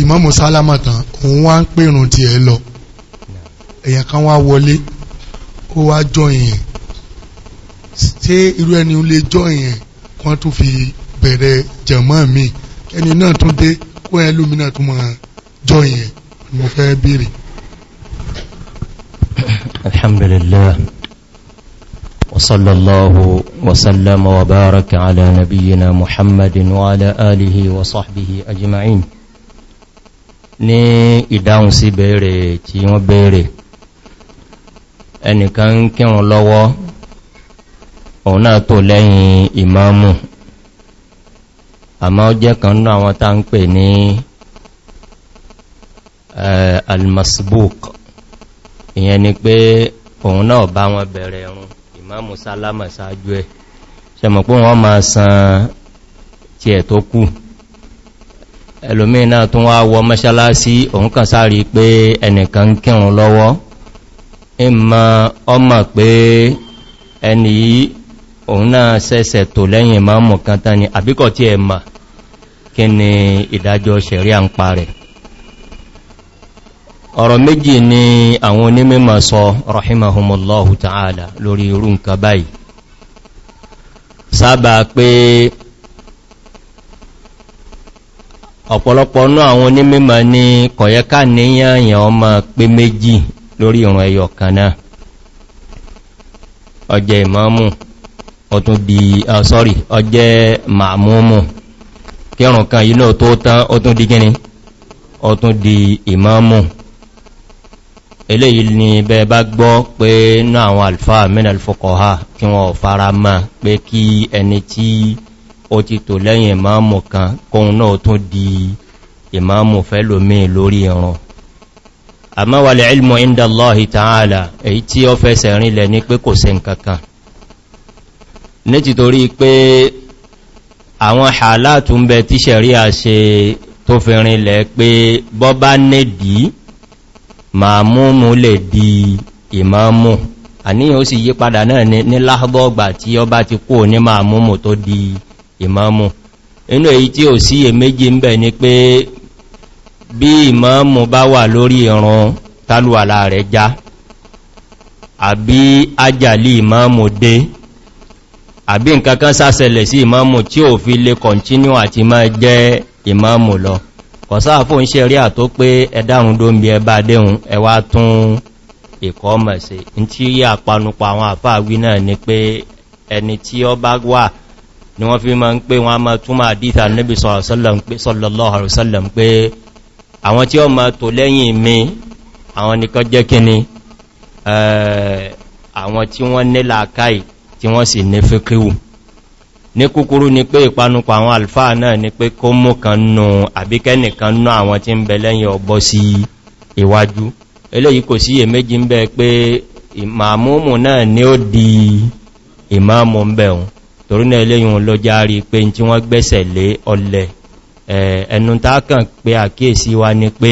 ìmáàmù sálámà tán òun wá ń pèrún tiẹ̀ lọ èèyàn kan wá wọlé ó wá jọ yẹn ṣé irú ẹni lè jọ yẹn kí wọ́n tún fi bẹ̀rẹ̀ jẹ̀mọ́ mi ẹni náà tún dé kó ẹ lómi tún máa jọ yẹn mo fẹ́ béèrè. alhamdulillah wa sallallahu wa baraka ala nabiyyina muhammadin wa ala alihi wa sahbihi ajma'in ní ìdáhùn sí bèèrè tí wọ́n bèèrè ẹnìkan ń kírùn lọ́wọ́ òun náà tó lẹ́yìn ìmáàmù àmá ó jẹ́ kan ní àwọn tá ń pè ní eh, almasbuk ìyẹn ni pé òun náà bá wọn bẹ̀rẹ̀ ẹ̀rùn ìmáàmù sálámà sáájú ẹ̀ ṣẹmọ̀ pé wọ́n máa san tí ẹ̀ tó kù ẹlòmínà tó wá wọ mẹ́ṣálásí òun kàn sáàrí pé ẹnìkan kírùn lọ́wọ́ ìmọ̀ ọmọ pé ẹni yìí òun náà sẹ́sẹ̀ tó lẹ́yìn ìmáàmù kan tán ni àbíkọ̀ tí ẹ mà kí ni ìdájọ́ ṣẹ̀rí à ń pa rẹ̀ ọ̀rọ̀ méjì ni àwọn onímọ̀ sọ rahimahumullahu ta'ala lórí irú nǹkan báyìí sábà pé ọ̀pọ̀lọpọ̀ ọ̀nà àwọn onímọ̀ ni kọ̀yẹ́ká níyànyàn ọmọ pé méjì lórí ìrun ẹyọ kan náà ọjẹ́ ìmọ́mù ọ̀tún di ah, sorry ọjẹ́ màmúmù kẹrùn kan yìí náà tó tán ọtún di gíní ọtún di ìmọ́mù eléyìí ni bẹ bá gbọ́ pé náà àwọn alfa mẹ́nà alfọkọ̀ha kí wọ́n fara mọ́ pé kí ẹni tí ó ti tò lẹ́yìn ìmáàmù kan kóhun náà tún di ìmáàmù fẹ́lòmí lórí ẹ̀rùn àmá wà lè ilmọ̀ inda Allah ta'ala èyí tí ó fẹ́sẹ̀ rinlẹ̀ ní pé kò se nkankan ní ti torí pé àwọn hàlátù ń bẹ tí ṣẹ̀ríà ṣe tó fi rinlẹ̀ pé bọ́ bá nẹ́dìí màmúmú lè di ìmáàmù àníyàn ó sì yípadà náà ní láhọ́gbọ́gbà tí ó bá ti kú ní màmúmú tó di ìmáàmù inú èyí tí ò sí èméjì ń bẹ ni pé bí ìmáàmù bá wà lórí ìran tálùwàlá rẹ̀ já àbí ajàlì ìmáàmù dé àbí nkankan sásẹlẹ̀ sí ìmáàmù tí ò fi lè kọ̀ntínú àti máa jẹ́ ìmáàmù lọ kọ̀sáàfò ń ṣe rí àtó pé ẹ̀dárun ló ń bí ẹbá déhun ẹwà tún ìkọ́ mọ̀ sí tí yí àpanupọ̀ àwọn àfáàwí náà ni pé ẹni tí ọ bá wà ni wọ́n fi ma ń pé wọn a ma túnmà àdíta níbi sallallahu alaihi wasallam pé àwọn tí ó ma tò lẹ́yìn mi àwọn nìkan jẹ́ kíni eh, àwọn tí wọ́n ní làákàí tí wọ́n sì ní fíkíwù ní kúkúrú ni pé ìpanupọ̀ àwọn alfáà náà ni pé kó mú kan nù àbíkẹ́nìkan nù àwọn tí ń ni ó di ìmáàmù ń torínà eléyìn lọ járí pé tí wọ́n gbẹ́sẹ̀ lé ọlẹ̀ ẹnu pé àkíyèsí wa ni pé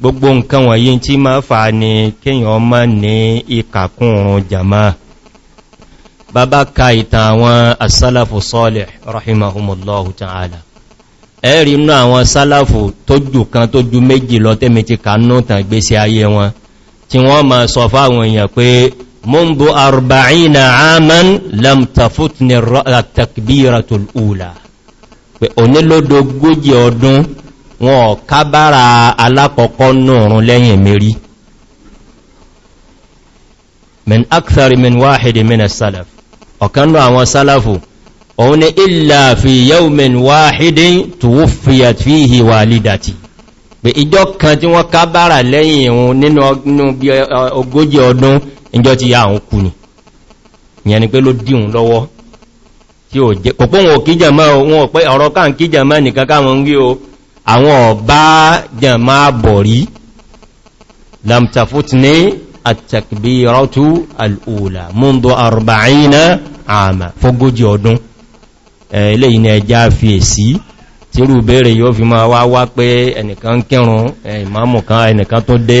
gbogbo nǹkan wọ̀nyí tí ma fà ní kíyàn ọmọ ní ìkàkùnrùn jama bàbá ka ìtàn àwọn asálàfò sọ́lẹ̀ rahimahumullahu ta'ala ẹ̀rí inú àwọn sálàfò tó jù kan tó ju méjì منذ أربعين عاما لم تفتني التكبيرة الأولى onílódógójì ọdún wọn kábára alákọ̀ọ́kọ́ nùrún lẹ́yìn mérí min akthari min wáhidi min salaf ọ̀kanú àwọn salafu òun ni illa fi yau min wáhidi tuwufiyat fihi walidati pé ìjọ kan tí wọ́n kábára lẹ́yìn ìhun nínú ogójì ọdún ìjọ ti ya àwọn kú ni ìyẹn ni pé ló díun lọ́wọ́ tí ó jẹ́ kò pé wọn ò kí jẹ̀mọ́ wọn pé ọ̀rọ̀ káà kí jẹ̀mọ́ nìkan káwọn rí o àwọn ọ̀bá jẹ̀mọ́ bọ̀ rí lamtafutni at-takbiratu al arba'ina ama fógójì ọdún ilé ìní ẹja fi èsí tí rú bèèrè yóò fi máa wá wá pé ẹnìkan kírun ìmáàmù kan ẹnìkan tó dé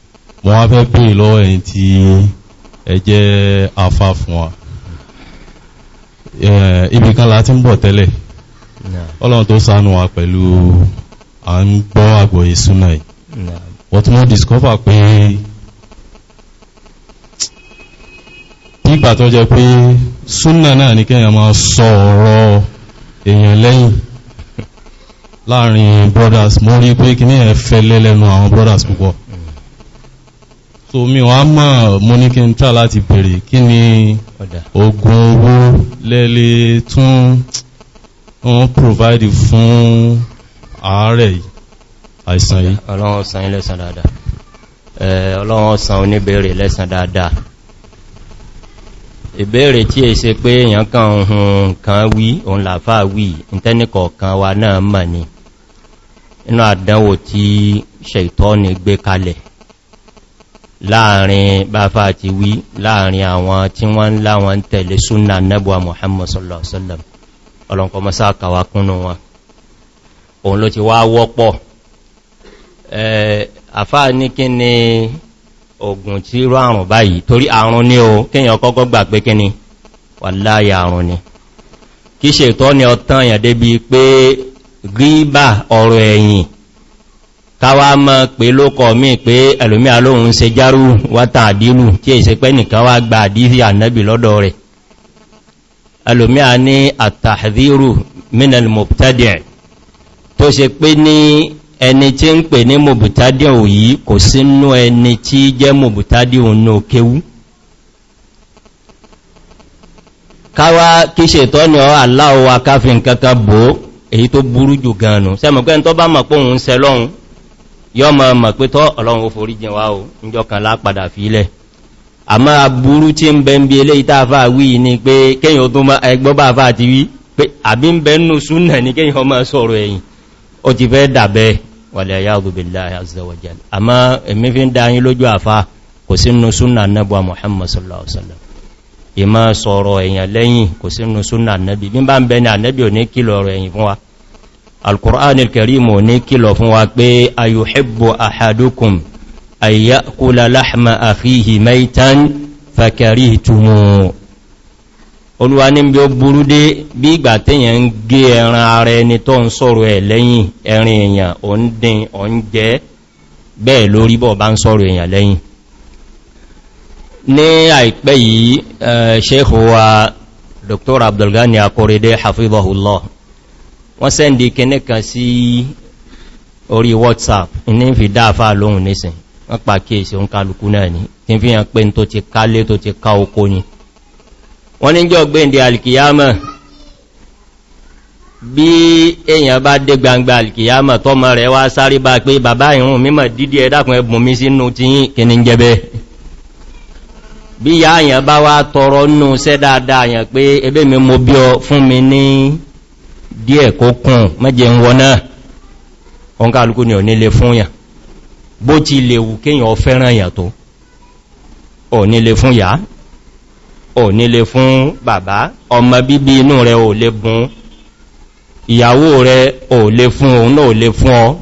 wọ́n wá fẹ́ bèèrè lọ́wọ́ ẹ̀yin tí ẹ jẹ́ afá fún eh, la ti ń bọ̀ tẹ́lẹ̀ ọlọ́run tó ṣàánú wa pẹ̀lú à ń gbọ́ àgbọ̀yé súnà yìí wọ́n tún mọ́ discover pé nígbà tó jẹ́ pé súnà náà ní kẹ́yàn máa sọ èèyàn lẹ́yìn láàrin brothers mo rí pé kí ní ẹ̀fẹ́ lẹ́lẹ́nu brothers púpọ̀ so mi wọ́n mọ̀ mo ní kí n tà láti bèèrè kí ni ogun owó lẹ́lẹ́ tún wọ́n provide fún ààrẹ àìsàn yìí ọlọ́run ọ̀sán ilẹ̀sàn dáadáa ọlọ́run ọ̀sán oníbèèrè lẹ́sàn dáadáa ìbéèrè tí è ṣe pé èyàn kan ohun kan wí òun làfá wí ìtẹ́nìkọ̀ kan wa náà mọ̀ ni inú àdánwò tí ṣètọ́ ni gbé láàrin báfà ti wí láàrin àwọn tí wọ́n ń láwọn tẹ̀lé súnà nẹ́bùwa Muhammad sallallahu alaihi wasallam ọlọ́nkọ́ mọ́sá kàwà kúnnù wọn òun ló ti wá wọ́pọ̀ àfá ní kí ni ogun tí rọ àrùn báyìí torí àrùn ní o kíyàn kọ́kọ́ gbà pé kí ni wallahi àrùn ni kí ṣètọ́ ni ọ̀tán yàn débi pé gíbà ọ̀rọ̀ ẹ̀yìn káwà mọ́ pé lókọ̀ mí pé ẹlòmí alóhun se járú wátà àdínú tí è se pé nìkan wá gba àdífì ànẹ́bì lọ́dọ̀ rẹ̀ ẹlòmí a ní àtàdírù minal mubtadi' tó se pé ní ẹni tí ń pè ní mubtadi' òyí kò sínú ẹni tí jẹ́ èyí tó burú jù ganu sẹ́mọ̀kẹ́ tó bá mọ̀ pé òun sẹ yọ ma mọ̀ pé tọ́ ọlọ́run ó forí jìn wá o níjọ́ kan lápadà fi ilẹ̀ àmọ́ aburú tí ń bẹ ń bí eléyìí tá fà wí ni pé kéyàn tó má ẹgbọ́ bá fà ti wí pé àbí ń bẹ nù súnà ní kéyàn ọmọ sọ̀rọ̀ ẹ̀yìn ó ti fẹ́ dàbẹ́ wàlẹ̀ ya'udhu billahi Muhammad sallallahu alaihi wasallam ìmá sọ̀rọ̀ èèyàn lẹ́yìn kò sínú súnà nẹ́bì bí bá ń bẹ القرآن الكريم ní kílọ̀ fún wa pé ayuhibbu ahadukum ayyakula lahma akhihi maitan fakarihtumu olúwa ní bí ó burú dé bí ìgbà tíyàn ń gé ẹran ara ẹni tó ń sọ̀rọ̀ ẹ̀ lẹ́yìn ẹ̀rin èèyàn ò ń dín ò ń jẹ́ bẹ́ẹ̀ lórí bọ̀ bá ń sọ̀rọ̀ èèyàn lẹ́yìn ní àìpẹ́ yìí ṣéhùwa eh, wọ́n sẹ́ndì kìnnì kan sí orí whatsapp ní fi dáfà lóhun nísìn wọ́n pa kíèsì òun kálukú náà ní tí fi hàn pé tó ti kálé tó ti ká oko ni wọ́n ní jọ gbéǹdé alkiyama bí èyàn bá dé gbangba alkiyama tọ́mọ rẹ̀ wá sáré bá pé bàbá ìrùn mímọ̀ dídí ẹ̀dàkùn ẹbùn mi sínú tí kìnnì jẹbẹ́ bí yá àyàn bá wá tọrọ nù sẹ́ àyàn pé ebé mi mo bí ọ fún mi ní díẹ̀ kó kún mẹ́jẹ ń wọ́n náà ọ̀n kálukú ni ò nílé fún yà bó ti lè wù kíyàn ọ fẹ́ràn yà tó ò nílé fún yà ò nílé fún bàbá ọmọ bíbí inú rẹ ò lè bùn ìyàwó rẹ ò lè fún òun náà ò lè fún ọ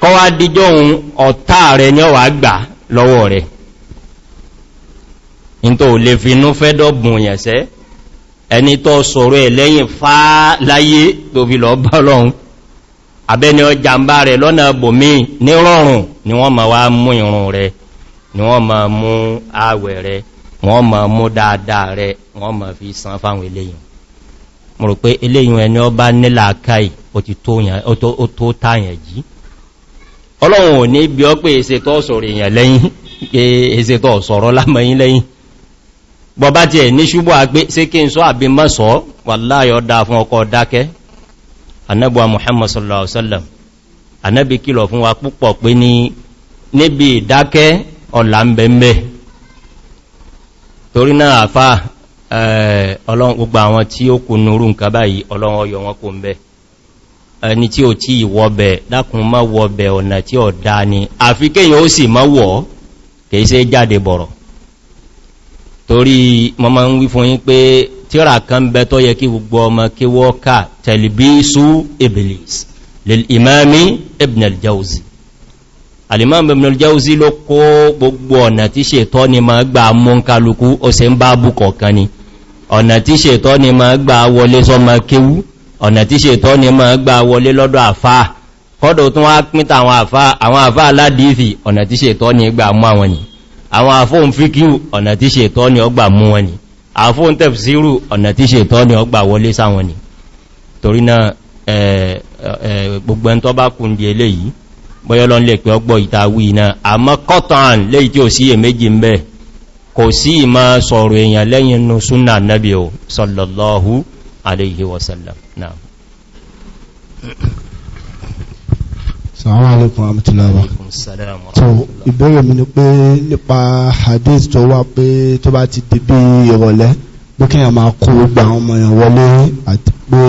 kọ́ wá díjọ́ òun ọ̀tá rẹ ní ọwà gbà lọ́wọ́ rẹ̀ ní lè fi inú fẹ́dọ̀ bùn yẹ̀sẹ́ ẹni tó sọ̀rọ̀ ẹ̀ lẹ́yìn fá láyé tó fi lọ bá lọ́run abẹ́ni ọjà ń bá rẹ̀ lọ́nà bòmí ní rọrùn ni wọ́n ma wá mú ìrùn rẹ̀ ni wọ́n ma mú àwẹ̀ rẹ̀ wọ́n ma mú dáadáa rẹ̀ wọ́n ma fi san fáwọn eléyìn mo rò pé eléyìn bọ̀bá ti ẹ̀ ní ṣúgbọ́ àgbé sí kí n sọ àbí mọ́sọ̀ wà láyọ̀ dáa fún ọkọ̀ dákẹ́ anẹ́bùwa muhammad sallallahu alaihi wasallam anẹ́bì kìlọ̀ fún wa púpọ̀ pé ní níbi ìdákẹ́ ọ̀là ń bẹ̀mẹ́ torí náà àfá ọlọ́run gbogbo àwọn tí ó kù nurú nǹkan báyìí ọlọ́run ọyọ̀ wọn kò ń bẹ́ ẹni tí ò tí ìwọ́bẹ̀ dákùn má torí mo máa ń wí fún yín pé tíra kan bẹ tó yẹ kí gbogbo ọmọ kí wọ́ká tẹ̀lìbísù iblis lèlìmáàmí ibn al ló kó gbogbo ọ̀nà tí ṣètọ́ ni ma gbà mú kálukú ó se ń bá búkọ̀ kan ni ọ̀nà tí ṣètọ́ ni ma gbà wọlé sọmọ ni ma gbà wọlé lọ́dọ̀ àfáà kọ́dọ̀ tún wá pínta àwọn àfáà aládìífì ọ̀nà tí ni gbà mú àwọn àwọn àfóhùn fíkíù ọ̀nà tí ṣe tọ́ ni ọgbà mú wọn ni àfóhùn tẹ̀fsíìrù ọ̀nà tí ṣe tọ́ ni ọgbà wọlé sáwọn ni torí náà gbogbo ẹn tó bá kún di eléyìí bọ́yọ́lọ́n lè sallallahu alaihi wasallam náà Assalamu alaikum warahmatullahi wabarakatuh. tó ìbéèrè mi ni pé nípa hadith tó wá pé tó bá ti di bí ìrọ̀lẹ́ pé kí èèyàn máa kó gbà àwọn ọmọ èèyàn wọlé àti pé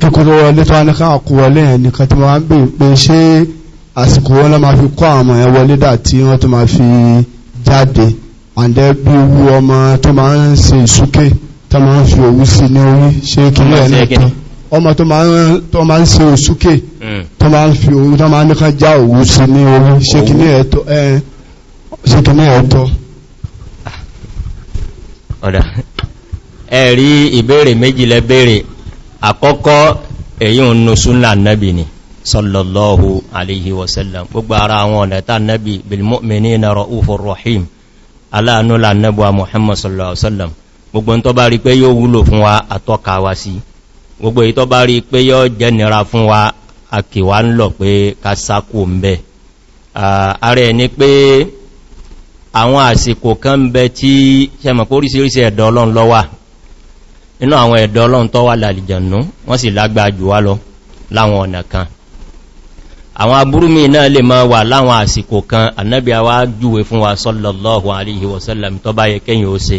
tó kíkúrò wọlé tó wá ní káwọn kó wọlé yẹn nìkan tí wọ́n á bèèrè pé ṣé àsìkò wọn lọ́ máa fi kó àwọn ọmọ yẹn wọlé dà tí wọ́n tó máa fi jáde àǹdẹ́ bí owó ọmọ tó máa ń ṣe ìsúkè tó máa ń fi òwú sí ní orí ṣé kí lóyún náà ọmọ tó máa ń ṣe òsúkè eh. tó máa ń fi òun tó máa ń nìkan já òwú sí ní orí ṣe kí ẹ̀rí ìbéèrè méjì béèrè àkọ́kọ́ èyí ń nẹ́bì ni sallallahu alaihi wasallam gbogbo ara àwọn ọ̀nà tá nẹ́bì bilmọ́mìnì na ra'ufur rahim aláàánúlà nẹ́bùwa muhammad sallallahu alaihi wasallam gbogbo ń tọ́ bá rí pé yóò wúlò fún wa àtọ́ka sí gbogbo ìtọ́ bá rí pé yọ́ jẹ́ nira fún wa àkìwà ń lọ pé ká sákò ń bẹ ààrẹ ni pé àwọn àsìkò kan bẹ tí sẹmọ̀ pé orísìírísìí ẹ̀dọ́ ọlọ́run lọ wà nínú àwọn ẹ̀dọ́ ọlọ́run tọ́ wà lálìjànú wọ́n sì lágbàá wá lọ láwọn ọ̀nà wa sallallahu alaihi wasallam tó bá yẹ kẹ́yìn ó se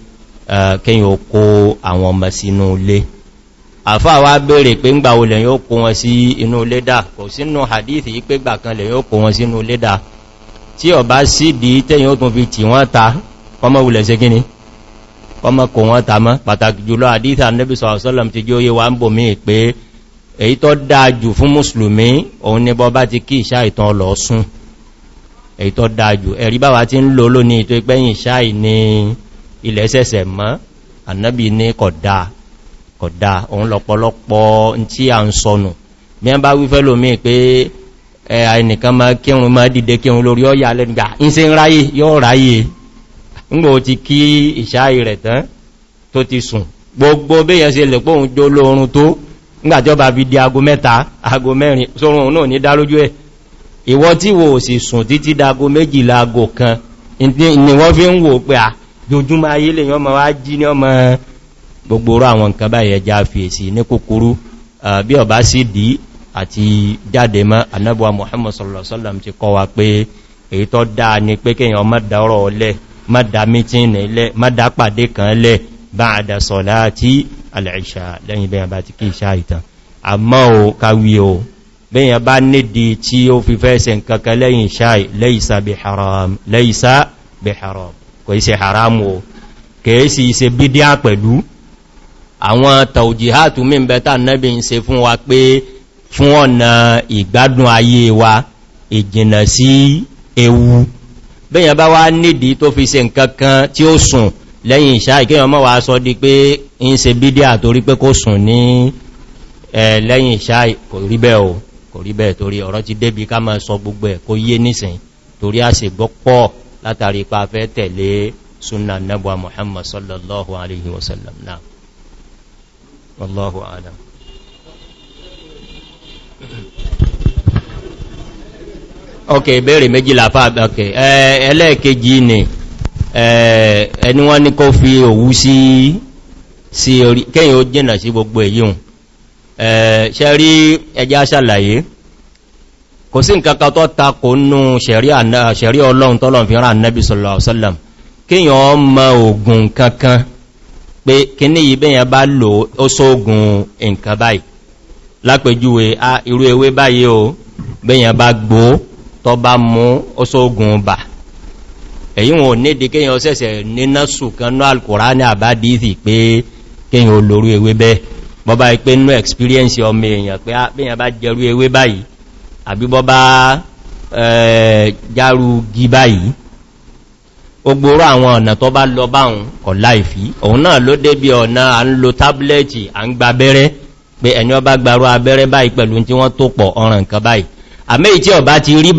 kíyàn ó kó àwọn ọmọ sínú ilé àfáà wá bèèrè pé ńgbà olè yóò kó wọn sí inú ilé dà kò sínú hadithi pé gbà kan lè yóò kó wọn sínú ilé dà tí ọ sí bí tẹ́yìn ó tún fi tì wọ́n ta kọmọ ulẹ̀ sí gíní kọmọ kò wọ́n ta mọ́ pàtàkì jùlọ hadith annabi sallam ti jí óyé wa ń bò mí pé èyí tó dáa jù fún mùsùlùmí òun ní bọ́ bá ti ilẹ̀ ṣẹ̀ṣẹ̀ mọ́ annabi ní kọ̀dá kọ̀dá òun lọ̀pọ̀lọpọ̀ tí a ń sọnù bí a bá wífẹ́ lómi pé ẹnìkan máa kírun máa dìde kírun lórí ọ́yà lẹ́gbà ń se ń ráyè yóò ráyè ńgbò ti kí ìṣáyì rẹ̀ tán tó ti sùn gbogbo béèyàn se lè pòun jó lóorun tó ńgbàjọba bí di ago mẹ́ta ago mẹ́rin sórun náà ní dá ẹ̀ ìwọ tí wo sì sùn títí dago méjìlá ago kan ni wọ́n fi ń wò pé à ojoojúmọ́ ayé lè yán ma wá jí ní ọmọ gbogbo orú àwọn nǹkan báyẹ̀ já fèsì ní kúkúrú bí ọba sí dí àti jáde mọ́ anábuwa muhammad sallallahu alaihi wasallam ti kọ́ wa pé èyí tó dáa ni pé kíyàn mọ́dá ọ̀rọ̀ ọlẹ́ mọ́dá mítíìnì ilẹ̀ mọ́dá pàdé kan lẹ́ bá àdásọ̀lá tí alẹ́ṣà lẹ́yìn bẹ́yàn nídi tí ó fi fẹ́ sẹ lẹ́yìn ìṣà lẹ́yìn sábẹ̀ haram kò ìṣe haramu o kèèsì ìṣe bídíà pẹ̀lú àwọn tàùjìhátù mí bẹ́ta nẹ́bí ń ṣe fún wa pé fún ọ̀nà ìgbádùn ayé wa ìjìnà sí ewu bẹ́yàn bá wá nídìí tó fi ṣe nǹkankan tí ó sùn lẹ́yìn ìṣá ìkéyàn mọ́ wa sọ di pé ń ṣe bídíà torí pé kó sùn ní lẹ́yìn ìṣá kò rí bẹ́ẹ̀ torí ọ̀rọ̀ ti débi ká máa sọ gbogbo ẹ̀ kó yé nísìn torí àṣègbọ́pọ̀ látàrí pa fẹ́ tẹ̀lé súnà nẹ́bà Muhammad sallallahu alaihi wasallam náà wallahu alam ok ìbéèrè méjìlá fàbí ok ẹlẹ́ẹ̀kejì ni ẹni wọ́n ní kó fi òwú sí sí orí kẹ́yìn ó jìnà sí gbogbo èyí kò sí nǹkankan tó takò nú ṣẹ̀rí ọlọ́run tọ́lọ̀ fi rán nẹ́bí sọ̀lọ̀sọ́lọ̀m kíyàn ọmọ ogun kankan pé kí ní ìbẹ̀yàn bá lò ó sóògùn nǹkan báyìí lápẹjúwe a irú ewé báyìí o bẹ́yàn bá gbó tọ́ bá mú ó sóògùn bà èyí wọn nídi kíyàn sẹ́sẹ̀ níná sùkanú alkùránì àbádìí pé kíyàn olórú ewé bẹ́ bọ́bá ipé nú experience ọmọ èèyàn pé bẹ́yàn bá jẹrú ewé báyìí àbíbọ́ bá járú gí báyìí ogboro àwọn ọ̀nà tó bá lọ báhùn kọ̀ láìfí òun náà ló débi ọ̀nà à ń lo tábílẹ̀tì à ń gba abẹ́rẹ́ pé ẹni ọba gbarú abẹ́rẹ́ báyìí pẹ̀lú tí wọ́n tó pọ̀ ọ̀ràn nǹkan báyìí àmẹ́ ìtí ọba ti rí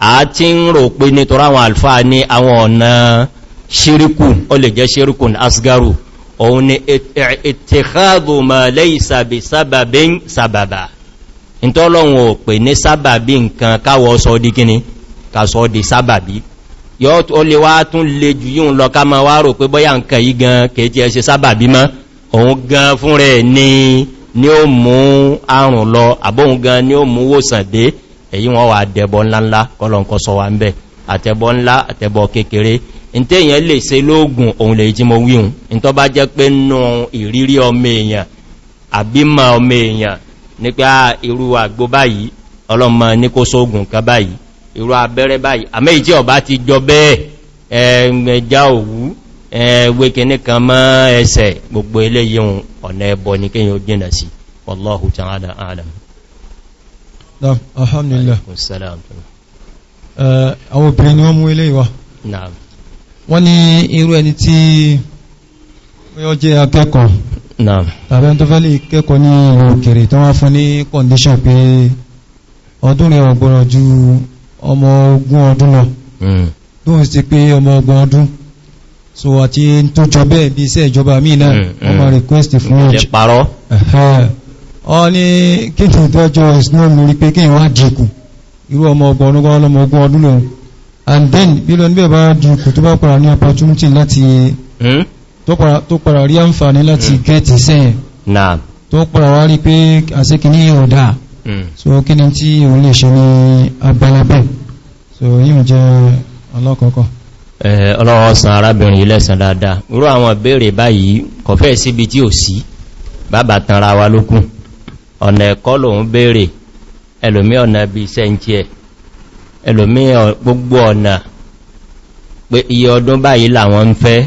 a ti ń rò pé nítorí àwọn alfa ní àwọn ọ̀nà ṣíríkù o lè jẹ́ ṣíríkù asgaru òun ni ìtìkádù ma laysa bi sábàbín sábàbà ìtọ́lọ́wọ̀n ò pè ní sábàbí nǹkan káwọ́ sọ di kíní ká sọ di sábàbí yóò tó lè wá tún lè jù yíò lọ ká ma wá rò pé bọ́yá nǹkan yí gan kèjì ẹṣe sábàbí mọ́ òun gan fún rẹ̀ ni ó mú àrùn lọ àbóhun gan ni ó mú wòsàn dé èyí wọ́n wà dẹ̀bọ̀ ńláńlá kọlọ̀nkọ́ sọ wa ń bẹ̀ àtẹ̀bọ̀ ńlá àtẹ̀bọ̀ kékeré in tí èyàn lè ṣe lóògùn òun lè jí mo wíhun in tó bá jẹ́ pé nù ìrírí ọmọ èèyàn àbímọ̀ ọmọ èèyàn ní pé ah, irú àgbó báyìí ọlọ́mọ ní wallahu ta'ala alam Naam, alhamdulillah. Àwọn obìnrin ni wọ́n mú ilé ìwà. Naam. Wọ́n ní irú ẹni tí ó jẹ́ akẹ́kọ̀ọ́. Naam. Tàbí tó fẹ́ lè kẹ́kọ̀ọ́ ní òkèrè tó wá fún ní kọ̀ndíṣàn pé ọdún rẹ̀ ọgbọ̀rọ̀ ju ọmọ ogún ọdún lọ. Tóhùn hmm. sí pé ọmọ ọgbọ̀n ọdún. So àti tó jọ bẹ́ẹ̀ bí iṣẹ́ ìjọba míì náà, hmm, hmm. wọ́n máa request fún ọjọ́ ọ ní kíkì ìdájọ́ islam rí pé kí wá dìkù irú ọmọ ọgbọ̀n ọdún ọlọ́mọ ogun ọdún lòun and then bí lọ níbẹ̀ bá dìkù tó bá para ní opportunity láti hmm? tó para rí àǹfààní láti hmm. gẹ́ẹ̀tì sẹ́yìn hmm. so kí ni tí òun so yíò jẹ́ ọlọ́kọ̀ọ́kọ́ ọlọ́wọ́ san arábìnrin ilẹ̀sàn dáadáa irú àwọn ìbéèrè báyìí kọ̀fẹ́ síbi tí ò sí bàbá tanra wa lókùn ọ̀nà ẹ̀kọ́ lòun béèrè ẹlòmí ọ̀nà bí iṣẹ́ ń tí ẹ̀ ẹlòmí gbogbo ọ̀nà pé iye ọdún báyìí làwọn ń fẹ́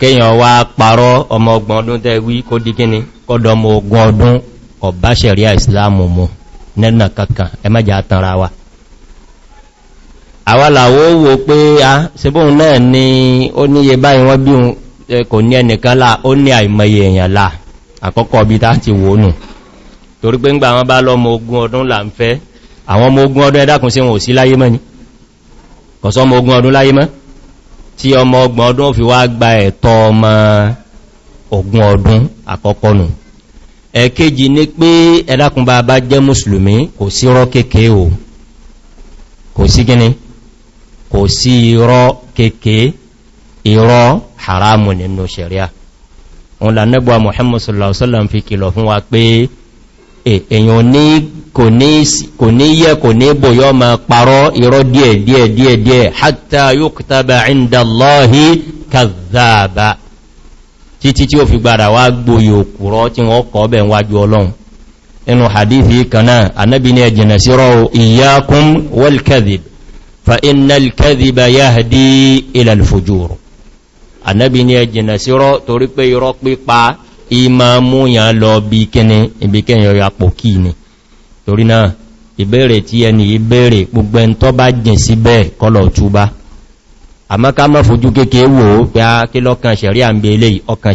kéyàn wá parọ́ ọmọ ọgbọ̀n ọdún tẹ́ wí kó dí kíni kọ́dọ̀ ọmọ ogun ọdún ọ̀bá ṣẹ̀ríà ìsìláàmù mu nẹ́nà kankan ẹ ah, kò ní ẹnìkan láà ó ní àìmọye èèyàn láà àkọ́kọ́ bí tá ti wò nù torí pé ń gba àwọn bá lọ́mọ ogun ọdún là ń fẹ́ àwọn ọmọ ogun ọdún ẹ̀dàkùn sí wọn ò sí láyé mọ́ ni kọ̀sọ́ ọmọ ogun ọdún láyé mọ́ tí ọmọ ọgbọ̀n ọdún fi wá gba ẹ̀tọ́ ọmọ ogun ọdún àkọ́kọ́ nù ẹ̀kejì ni pé ẹ̀dàkùn bá bá jẹ́ mùsùlùmí kò sí rọ́ kéèké o kò sí gíní kò sí irọ́ kéèké irọ́ haramu nínú sharia òun lànẹ́gbà Muhammad sallallahu alaihi wasallam fi kìlọ̀ fún wa pé èèyàn kò ní yẹ kò ní bò yọ ma parọ́ irọ́ díẹ̀ díẹ̀ díẹ̀ díẹ̀ hatta yuktaba inda Allahi kazzaba títí tí ó fi gbára wá gbòyò kúrọ́ tí wọ́n kọ́ bẹ̀ wájú Ọlọ́run inú hadithi kanáà annabi ànábì ní ẹjìnà sí rọ́ torí pé irọ́ pípa ìmá múyàn lọ bí kíní ibikẹ́yàn yọ apò kí ni torí náà ìbéèrè tí ẹni ìbéèrè gbogbo ẹn tó bá jìn sí bẹ́ẹ̀ kọlọ̀ túbá àmọ́ ká mọ́ fojú kéèkéé wò ó pé á ah, kí lọ́kàn ṣẹ̀ríà ń bèèlè ọkàn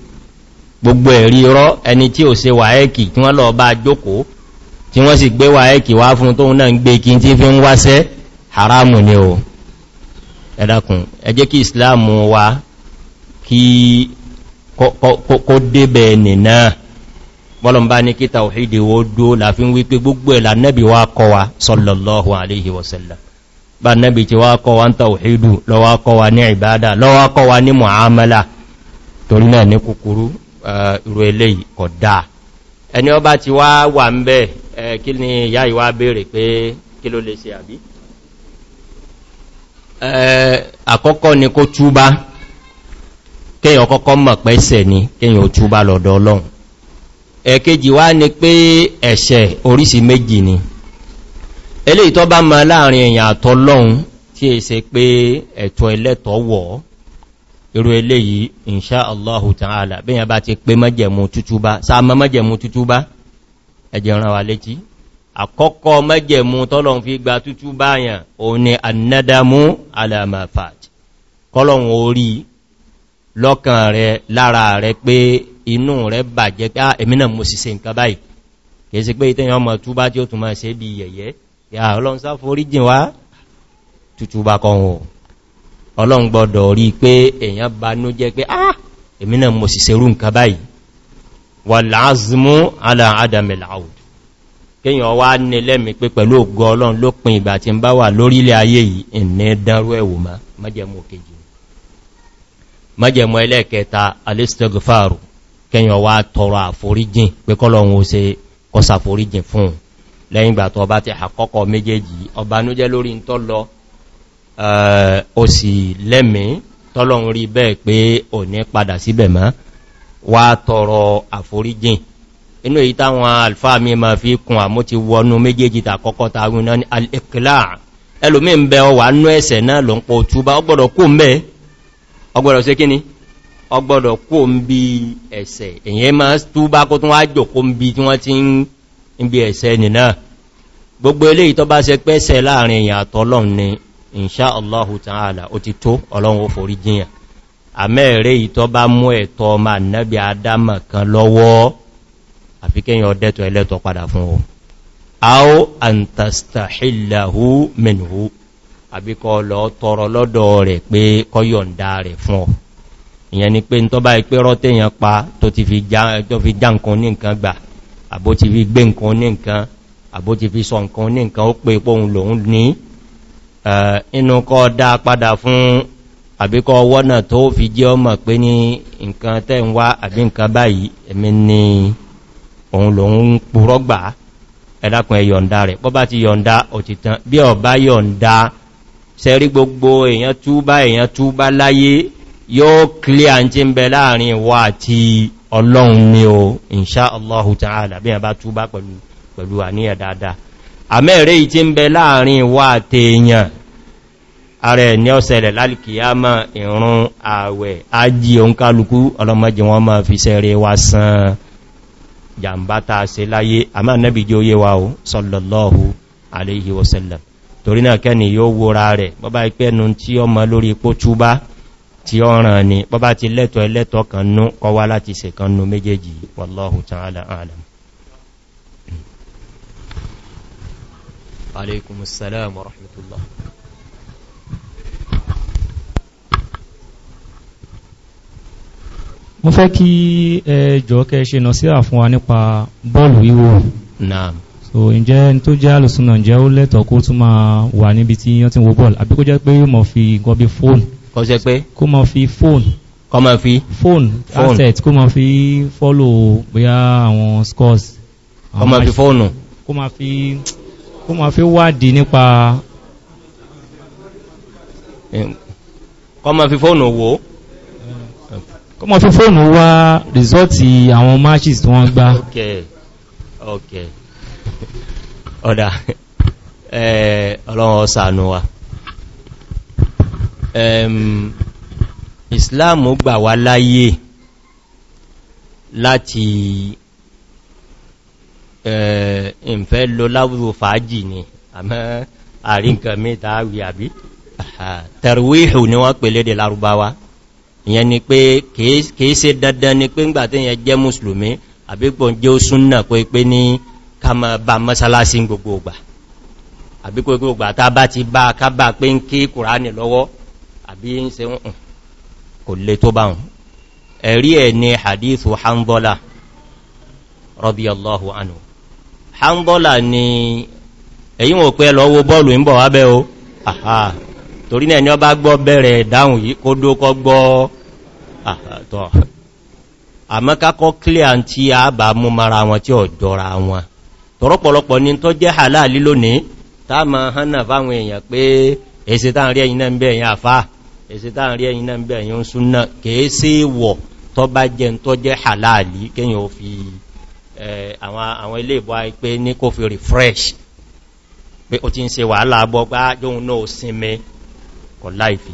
gbogbo ẹ̀rí rọ́ ẹni tí ò ṣe wàẹ́kì tí wọ́n lọ bá jókó tí wọ́n sì gbé wàẹ́kì wá fún tóun náà ń gbé kí tí fi ń wáṣẹ́ haramu ni o ẹ dákun kí islamu wa kí kó débẹ̀ nìna bọ́lọ̀mbá ní kí tàwídì wo dó láfin wípé gbogbo ẹ̀lá nẹ́bí wá kọ́ wa sallallahu alaihi wasallam bá nẹ́bí ti wá kọ́ wa ń tàwídù lọ́wọ́ kọ́ wa ní ìbádà lọ́wọ́ kọ́ wa ní mu'amala torí náà ní kúkúrú ìrò eléyìí kódà ẹni ó ti wá wà ń bẹ́ kí ni ìyá ìwá béèrè pé kí ló lè ṣe àbí àkọ́kọ́ ni kó túbá kéèyàn kọ́kọ́ mọ̀ pé ẹ̀ṣẹ̀ ni kéèyàn ó túbá lọ́dọ̀ Ọlọ́run ẹ̀kejì wá ni pé ẹ̀ṣẹ̀ oríṣi méjì ni eléyìí tó bá ma láàrin èèyàn àtọlọ́run tí è ṣe pé ẹ̀tọ́ ẹlẹ́tọ̀ọ́ irú eléyìí inṣá allahu ta'ala bí yẹn bá ti pé mẹ́jẹ̀mú tútúbá sáàmà mẹ́jẹ̀mú tútúbá ẹjẹ̀ ràn wà létí àkọ́kọ́ mẹ́jẹ̀mú tọ́lọ̀n fi gba tútúbá yàn òun ni annadamu alamafat kọ́lọ̀n orí lọ́kàn rẹ̀ lára rẹ̀ pé inú rẹ̀ bàjẹ́ pé ah, èmìnà mo sì se nǹkan báyìí kìí kan ohun ọlọ́run gbọdọ̀ rí pé èyàn bá ní jẹ́ pé ah èmi náà mo sì serú nǹkan báyìí wà láàzimú ala adamil aud kíyàn wá ní lẹ́mi pé pẹ̀lú ògo ọlọ́run lópin ìgbà tí ń bá wà lórílẹ̀ ayé yìí ìní dánrú ẹ̀wò ma májẹ̀mú kejì májẹ̀mú ẹlẹ́ẹ̀kẹta alistaghfaru kíyàn wá tọrọ àforíjìn pé kọ́lọ́run ó se kọsàforíjìn ó sì lẹ́mí tọ́lọ̀un rí bẹ́ẹ̀ pé ò ní padà síbẹ̀ má wá tọrọ àforíjìn inú èyí táwọn alfáà mi ma fi kún àmú ti wọnú méjèèjì tàkọ́kọ́ tààrùn al-ikla ẹlòmí ń bẹ ọwà nú ẹ̀sẹ̀ náà lọ ń pọ̀ túbá ọgbọ̀dọ̀ kó ń bẹ́ ọgbọ̀dọ̀ sí kíní ọgbọ̀dọ̀ kó ń bí ẹ̀sẹ̀ èyí ma túbá kó tún wájò kó ń bí tí gbogbo eléyìí tó bá pẹ́sẹ̀ láàrin ìyàtọ̀ lọ́n inṣá allahu ta'ala ó ti tó ọlọ́run ó forí jíyàn àmẹ́rẹ́ ìtọ́ bá mú ẹ̀tọ́ ọmọ annabi adama kan lọ́wọ́ àfikẹ́yìn ọdẹ́tọ̀ ẹlẹ́tọ̀ padà fún o aó antastahillahu minhu àbíkọ́ lọ ni pé tó bá ipé rọ́tẹ̀yàn pa tó ti fi já nǹkan ti fi gbé nǹkan ní ti fi sọ nǹkan ní nǹkan Eh, inú kọ́ dá padà fún àbíkọ́ wọ́nà tó fi jẹ́ ọmọ pé ní nǹkan tẹ́ ń wá àbí nǹkan báyìí èmi ni òun lòun ń púrọ́gbà ẹ̀dàkùn ẹ yọ̀ǹda rẹ̀ bọ́ bá ti yọ̀ǹda òtìtàn bí ọ bá yọ̀ǹda sẹ́rí gbogbo èèyàn túbá èèyàn túbá láyé yóò kílé àǹtí ń bẹ láàrin wa àti ọlọ́run ni o inṣá allahu ta'ala bí i bá túbá pẹ̀lú àníyà dáadáa àmẹ́rẹ́ yìí tí ń bẹ láàrin wà tèèyàn ààrẹ ní ọ̀sẹ̀lẹ̀ lálìkìyàmà ìrún ààwẹ̀ ají oúnkálukú ọlọ́mọ́jì wọn máa fi sẹ́rẹ wa san jàmbá ta se láyé àmá nẹ́bì jí óyé wa o sọ́lọ̀lọ́hu aléhì wọ́sẹ̀lẹ̀ torí náà kẹ́ni yóò wóra rẹ̀ bọ́bá ipẹ́nu tí ó mọ lórí ipó túbá عليكم السلام ورحمة الله mo fẹ́ kí ẹjọ́ kẹ́ṣe nà sí àfún wa nípa bọ́ọ̀lù wíwò náà so ǹjẹ́ tó jẹ́ alùsùnà jẹ́ ó lẹ́tọ̀ kó tún máa wà níbi tí yán tí wo bọ́ọ̀lù àbí kó jẹ́ pé yóò mọ̀ fi nǹkan bí fóònù kọ́ jẹ́ pé kó mọ̀ fi fóònù kọ́ mọ̀ fi fóònù asset kó mọ̀ fi fọ́lò bóyá àwọn scores kọ́ mọ̀ fi fóònù kó ma fi wádìí nípa kọ́ ma fi fóònù wò kọ́ ma fi fóònù wá rìsọ́tì àwọn matches tí wọ́n gbá ok ok ọ̀dá ọlọ́run ọ̀sànú wa islam gbà wá láyé láti ìfẹ́ eh, lọ láwúrò fàájì ni àmọ́ àríǹkan mẹ́ta àwì àbí tẹ̀rùwíhù ni wọ́n pèlé dẹ̀ lárúbáwá ìyẹn ni pé kìí ṣe dandan ni pé ńgbà tíyẹn jẹ́ mùsùlùmí àbíkò jẹ́ ó súnnà kó pé ní kama bá mọ́sálásí gbogbo ìgbà àbíkò ìgbà tá bá ti bá kábà pé ń kí kùránì lọ́wọ́ àbí ń se ń kò lè ẹ̀rí ẹ̀ ni hadithu hanbọ́lá radiyallahu anhu handola ni èyí wọ́n pẹ́ lọ wo bọ́ọ̀lù ń bọ̀ wábẹ́ o àhà torí náà ni ọ bá gbọ́ bẹ̀rẹ̀ dáhùn yìí kó dó kọ́ gbọ́ àtọ̀ àmọ́kákọ́ clear tí a bá mú mara wọn tí ọ jọra wọn tọ́rọpọ̀lọpọ̀ ní tó jẹ́ halal lónìí tá ma hánà fáwọn èèyàn pé èsì tá rí ẹ̀yin náà ń bẹ̀ ẹ̀yin àfá èsì tá rí ẹ̀yin náà ń bẹ̀ ẹ̀yin súnnà kèé sí wọ̀ tó bá jẹ́ tó jẹ́ halal kéyàn ò fi àwọn ilé ìbò àìpé ní kó fi refresh pé o ti ń se wàhálà agbọ́gbá jóun náà sinmi kò láìfi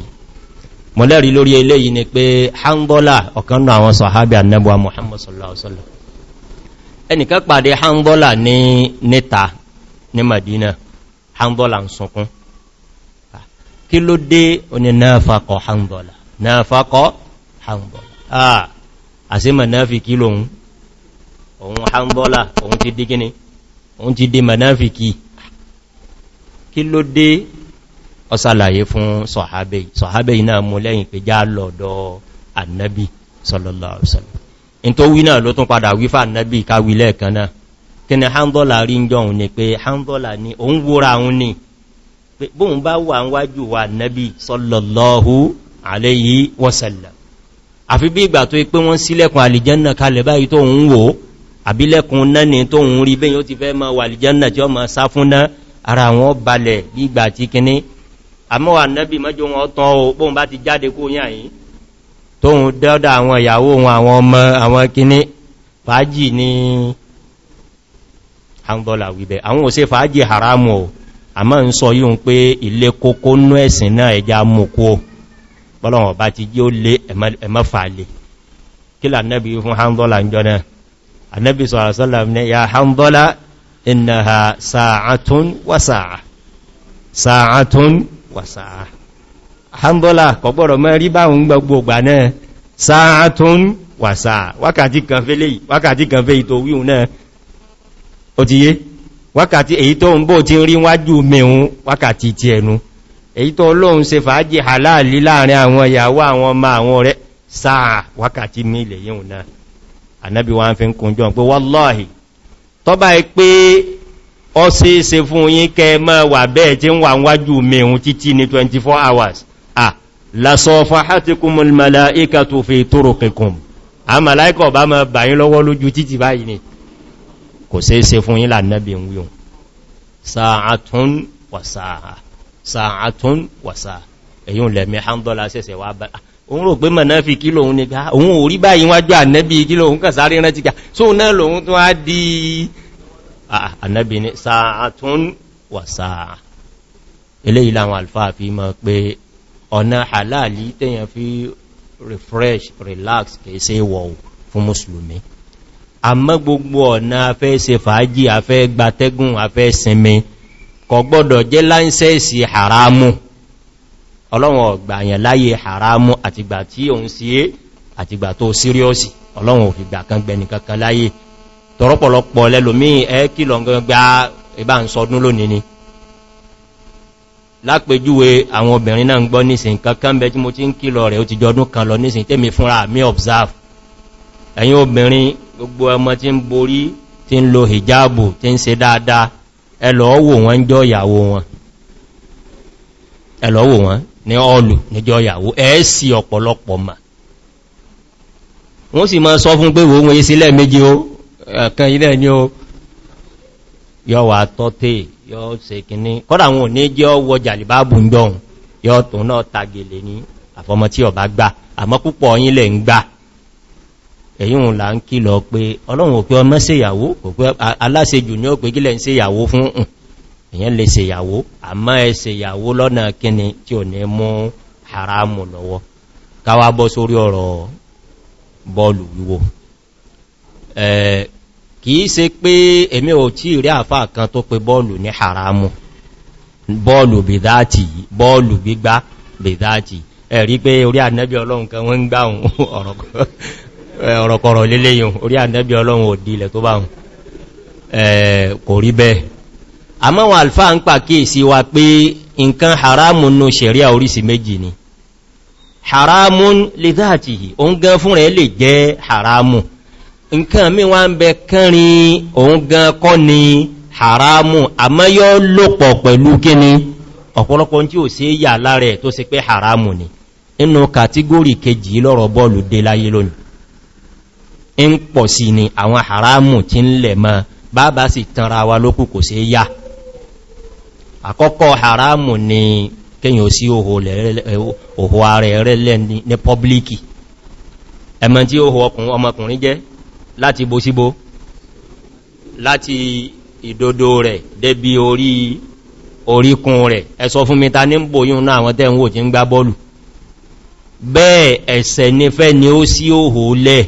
mọ̀lẹ́rí lórí eléyìí ni pé hanbọ́lá ọ̀kanú àwọn sọ̀hábí annabuwa muhammad sallallahu alaihi wasallam ẹnìkan pàdé hanbọ́lá ní níta ní madina hanbọ́lá ń sunkún kí ló dé oní náfàkọ̀ hanbọ́lá náfàkọ̀ hanbọ́lá ah, àà àsímọ̀ náà fi kí lóhun òun hanbọ́lá òun ti di gíní òun ti di manáfikì kí ló dé ọsàlàyé fún sọ̀hábẹ̀ sọ̀hábẹ̀ iná mú lẹ́yìn pé já lọ́dọ̀ annabi sallallahu alaihi wasallam in tó wí náà ló tún padà wí fà annabi káwí lẹ́ẹ̀kan ni hanbọ́lá rí ń jọun ni pé hanbọ́lá bóun bá wà ń wájú wa annabi sallallahu alaihi wasallam àfi bí ìgbà tó ipé wọ́n sílẹ̀kùn àlìjẹ́nà kalẹ̀ báyìí tó ń wòó àbílẹ̀kùn náà tó ń rí bẹ́yìn ó ti fẹ́ máa wà lìjánà tí ó máa sá fún náà ara wọn balẹ̀ gbígbà tí kíní àmọ́wà nẹ́bì mẹ́jọ wọn tán o bóhun bá ti jáde kó yà yìí tóhun dọ́dà àwọn ìyàwó wọn àwọn ọmọ àwọn kíní fàájì ní àǹbọ̀là wíbẹ̀ àwọn ò fàájì haramu o àmọ́ ń sọ yíò pé ilé kókó nú ẹ̀sìn náà ẹja mú kú o bọ́lọ̀wọ̀n bá ti jí ó lé ẹ̀mọ́fà lè kí là nẹ́bì fún àǹbọ̀là ń jọ náà annabi sallallahu ne ya handola innaha sa'atun wa sa'a sa'atun wa sa'a handola kò gbọ́rọ̀ mọ́ rí bá ń gbogbo gbà náà sa'atun wa sa'a wákàtí kan fẹ́ lèyí wákàtí kan fẹ́ ìtò wíhun náà ó ti yé wákàtí èyí tó ń bó ti rí wájú mẹ́un wákàtí ti ẹnu èyí tó lóhun ṣe fàájì halali láàrin àwọn ìyàwó àwọn ọmọ àwọn ọ̀rẹ́ sáà wákàtí mílẹ̀ yíò náà ànábí wa ń fi ń kúnjọ pé wọ́lọ́hì tọ́ bá ẹ pé ọ sí ṣe fún yín kẹ mọ́ wà bẹ́ẹ̀ tí ń wà wájú mẹ́un títí ní 24 hours à lásọ́fà hátìkúnmùl màláíkà tó fi tóró kẹkùn a màláíkà ọba mọ́ bàyín lọ́wọ́ lójú títí báyìí ni kò sí ṣe fún yín lànàbí wíhun sa'atun wa sa'a sa'atun wa sa'a èyí ń òun rò pé mọ̀náfi kí lòun ní gbá òun ò rí báyìí wájú ànẹ́bí kí lòun kà sáré rántí ká só náà lòun tó á di ànẹ́bí ní sàátún wà sàá eléyìí láwọn alfáà fi mọ̀ pé ọ̀nà halali tẹ́yàn fi refresh relax kèése wọ̀ fún musulmi àmọ́ gbogbo ọ̀nà afẹ́ ṣe fàájì afẹ́ gbatẹ́gùn afẹ́ sinmi kò gbọ́dọ̀ jẹ́ láńsẹ́ẹ̀sì haramu ọlọ́run ọ̀gbàyàn láyé haramu àtìgbà tí òun sí é àtìgbà tó síríọ́sì ọlọ́run òfìgbà kan gbẹni kankan láyé tọ́rọpọ̀lọpọ̀ lẹ́lòmí ẹ kìlọ̀ gbá ìbá ń sọdún lónìí ni lápẹjúwe àwọn obìnrin náà ń gbọ́ nísìn kankan bẹ tí mo ti ń kìlọ̀ rẹ̀ ó ti jọdún kan lọ hijabu tí ń ṣe dáadáa ẹlọ́wò wọn jọ ìyàwó wọn ẹlọ́wò wọn ní ọlù níjọ yàwó ẹ̀ẹ́sì ọ̀pọ̀lọpọ̀ mà wọ́n sì máa sọ fún pé wo wọ́n yí sílẹ̀ méjì ó ẹ̀kan ilẹ̀ ni ó yọ wà tọ́tẹ̀ yọ ṣe kìíní kọ́dà wọn ò ní jẹ́ ọwọ́ jàlìbábù ń jọun yọ tó náà tagèlè ní èyàn lè ṣe ìyàwó àmá ẹsẹ̀ ìyàwó lọ́nà kíni tí ò ní mú haramu lọ́wọ́ káwà bọ́ sórí ọ̀rọ̀ bọ́ọ̀lù wíwò kìí ṣe pé èmi ò tí rí àfá kan tó pé bọ́ọ̀lù ní haramu bọ́ọ̀lù bìdáàtì bọ́ọ̀lù gbígbá bìdáàtì ẹ̀rí pé orí ànẹ́bí ọlọ́run kan wọ́n ń gbá ọ̀rọ̀kọ̀rọ̀ léléyìn orí ànẹ́bí ọlọ́run ò dílẹ̀ tó bá kò rí bẹ́ẹ̀ àmọ́ wọn alfa ń pàkíyèsí wa pé nǹkan haramun nù ṣẹ̀ríà orísìí méjì ni haramun lè dáàtìhì òun gan fún rẹ̀ lè jẹ́ haramun nǹkan mi wá ń bẹ kánrin òun gan kọ́ ni haramun àmọ́ yọ́ lòpọ̀ pẹ̀lú kíni ọ̀pọ̀lọpọ̀ tí ò sí yà lára tó sì pé haramun ni inú kàtígórì kejì lọ́rọ̀ bọ́ọ̀lù dé láyé lónìí ń pọ̀ sí ni àwọn haramun ti ń lẹ̀ mọ́ bàbá sì tanra wa lókù kò sí yà àkọ́kọ́ haramu ni kíyàn sí òhò ààrẹ rẹ̀ lẹ́ ní pọ́blíkì ẹmọ tí òhò ọmọkùnrin jẹ́ láti bó síbó láti ìdodo rẹ̀ débi orí oríkun rẹ̀ ẹsọ fún mi ta ní bòyún náà àwọn tẹ́wò tí ń gbá bọ́ọ̀lù bẹ́ẹ̀ ẹ̀sẹ̀ ni ni ó sí òhò lẹ́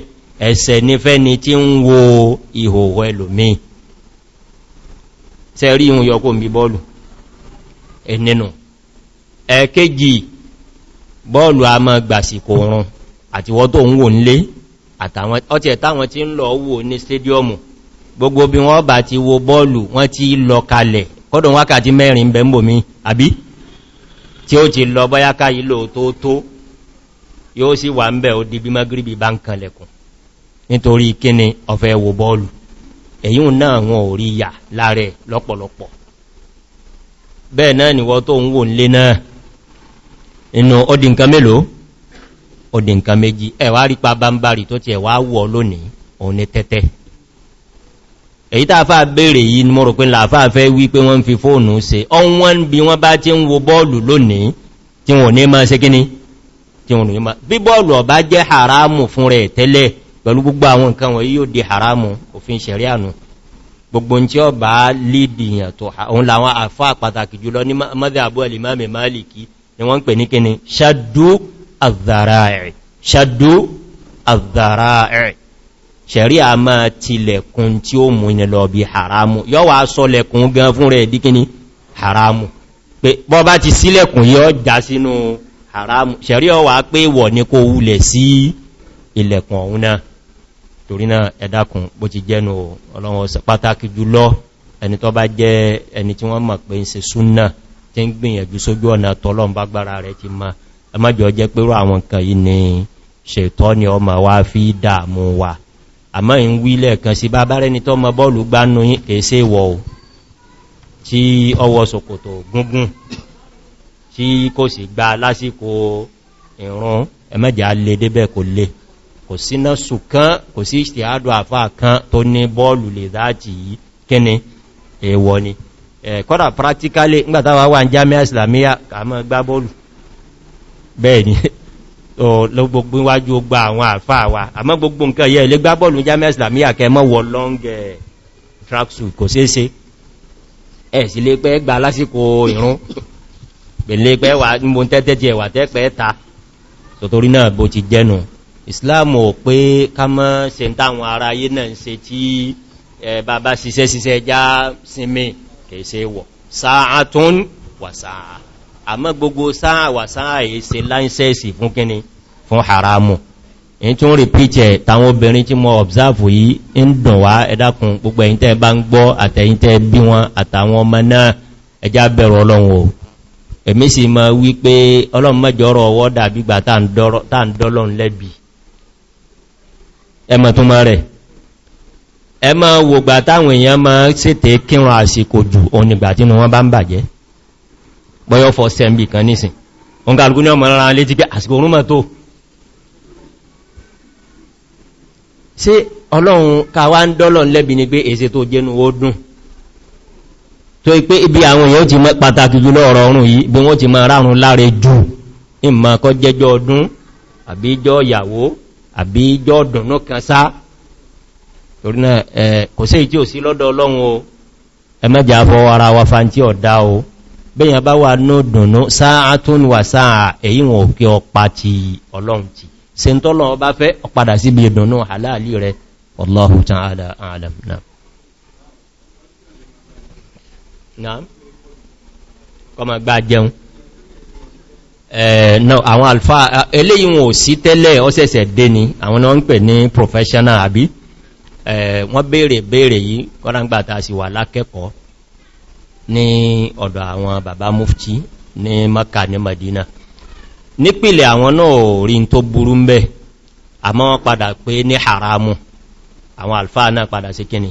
ẹ̀sẹ̀ ni ni tí ń wo ìhòhò ẹlòmí tẹ́rí ìhun yọkó mi bọ́ọ̀lù ẹnìnù ẹ̀kejì bọ́ọ̀lù a máa gbàsìkò run àti wọ́n tó ń wò nílé ọtí ẹ̀táwọn tí ń lọ wò ní stadiumu gbogbo bí wọ́n bá ti wo bọ́ọ̀lù wọ́n ti lọ kalẹ̀ kọ́dùn wákàtí mẹ́rin bẹ̀m̀bòmí àbí tí ó ti lọ bọ́yáká ìlò tó tó yóò sì wà ń bẹ̀ ó di bí magribi bá ń kanlẹ̀kùn nítorí kíni ọ̀fẹ́ wo bọ́ọ̀lù èyí náà wọn ò rí yà láàrẹ lọ́pọ̀lọpọ̀ bẹ́ẹ̀ náà ni wọ́n tó ń wò nílé náà inú ọdí nǹkan mélòó ọdí nǹkan méjì ẹ̀wà rí pa bámbàrí tó ti ẹ̀wà wọ́ lónìí òun ni tẹ́tẹ́ èyí tàà fà bèèrè yìí ni mọ́rọ̀ pé làáfà fẹ́ wí pé wọ́n fi fóònù se ọwọ́n bí wọ́n bá ti ń wo bọ́ọ̀lù lónìí tí wọ́n ní máa ṣe kíní tí wọ́n ní máa bí bọ́ọ̀lù ọ̀bá jẹ́ haramu fún rẹ̀ tẹ́lẹ̀ pẹ̀lú gbogbo àwọn nǹkan wọ̀nyí yóò di haramu òfin ṣẹ̀ríànù gbogbo tí ó bá lìdì yàn tó òun làwọn àfá pàtàkì jùlọ ní mọ́dẹ̀ alìmáàmì máàlìkì ni wọ́n ń pè ní kíni ṣadú àzàráẹ̀ ṣadú àzàráẹ̀ ṣẹ̀rí a máa tilẹ̀kùn tí ó mú ní lọ bí haramu yọ́ wà sọ lẹ̀kùn gan fún rẹ̀ díkíní haramu pé bọ́ bá ti sílẹ̀kùn yọ́ já sínú haramu ṣẹ̀rí ọ wà pé wọ̀ ní kó wulẹ̀ sí ilẹ̀kùn ọ̀hún náà torí náà ẹ̀dàkùn bó ti jẹ́nu ọlọ́wọ́ pàtàkì jùlọ ẹni tó bá jẹ́ ẹni tí wọ́n mọ̀ pé ń ṣe súnnà tí ń gbìyànjú sójú ọ̀nà tọ́lọ́m bágbára rẹ̀ ti ma ẹmọ́jọ jẹ́ pérò àwọn nǹkan yìí ni wa àmọ́ ń wí lẹ́ẹ̀kan sí bá bárẹ́ ni tó mọ bọ́ọ̀lù gbánú kèése wọ̀ ò tí ọwọ́ sòkòtò gúngún tí kò sì gba débẹ̀ kò lè kò síná sùkán kò sí ìṣtìhádù àfá kan tó ní bọ́ọ̀lù lè dáàtì yìí kíni èèwọ̀ ni kọ́dà practically ngbàtàwà wà ń jami'a islamiyya kàmọ́ gbá bọ́ọ̀lù bẹ́ẹ̀ lọ́gbogbo wájú gba àwọn àfá wa àmọ́ gbogbo nǹkan yẹ ilé gbá bọ́ọ̀lù jami'a islamiyya kẹmọ́ wọ long tracksuit kò sése ẹ̀ sí lé pẹ́ gbà lásìkò ìrún wà ní náà bó ti jẹ́nu islam ò pé ká mọ́ se ń táwọn ara ayé náà ń se tí bàbá ṣiṣẹ́ ṣiṣẹ́ já sinmi kèèṣe wọ̀ sáà tún wà sáà àmọ́ gbogbo sáà wà sáà èé se láìsẹ́ẹ̀sì fún kíni fún haramu èyí tún rí píchẹ̀ táwọn obìnrin tí mọ́ observe yìí ń dùn wá ẹ̀dàkùn púpọ̀ èyí bá ń gbọ́ àtẹ̀yìn bí wọn àtàwọn ọmọ náà ẹjá bẹ̀rọ ọlọ́run o èmí sì mọ́ wípé ọlọ́run mẹ́jọ́rọ̀ ọwọ́ dàbígbà tá ń dọ́lọ́run lẹ́bìí ẹmọ̀ tó mọ́ rẹ̀ ẹmọ̀ wògbà táwọn èèyàn ma sètè kírùn àsìkò jù onígbà tínú wọn bá ń bàjẹ́ bọ́yọ́ fọ́ sẹ́mbì kan nísìn wọn kàrùkú ní ọmọ rárá létí pé àsìkò orúnmọ̀ tó sí ọlọ́run káwà ń dọ́lọ̀ lẹ́bi ni pé èsè tó jẹnu ó dùn tó ipé ibi àwọn èèyàn ti mẹ́ pàtàkì jùlọ ọ̀rọ̀ ọ̀run yìí bí wọ́n ti máa rárun láre jù ìmọ̀ kọ́ ọdún àbíjọ ìyàwó àbí ìjọ́ ọ̀dùnnú kan sá torí náà kò sí ìjí ò sí lọ́dọ̀ ọlọ́run o ẹmẹ́jà fọ́ ara wa fa tí ọ̀dá o bẹ́yàn bá wà ní ọ̀dùnnú sáà tún wà sáà èyí wọn òkè ọpa ti ọlọ́run ti se ń tọ́lọ ọba fẹ́ ọpadà ta'ala a'lam náà kọmọ gbá jẹun Eh, àwọn alfa eléyìn wọn ò sí tẹ́lẹ̀ ọ́sẹ̀sẹ̀ dé ni àwọn náà ń pè ní professional àbí eh, wọ́n béèrè béèrè yìí kọ́nàgbàtà sì wà lákẹ́kọ̀ọ́ ní ọ̀dọ̀ àwọn bàbá mufti ní maka ní madina nípìlẹ̀ àwọn náà rí tó burú ń bẹ́ àmọ́ wọ́n padà pé ní haramu àwọn alfa náà padà sí kíni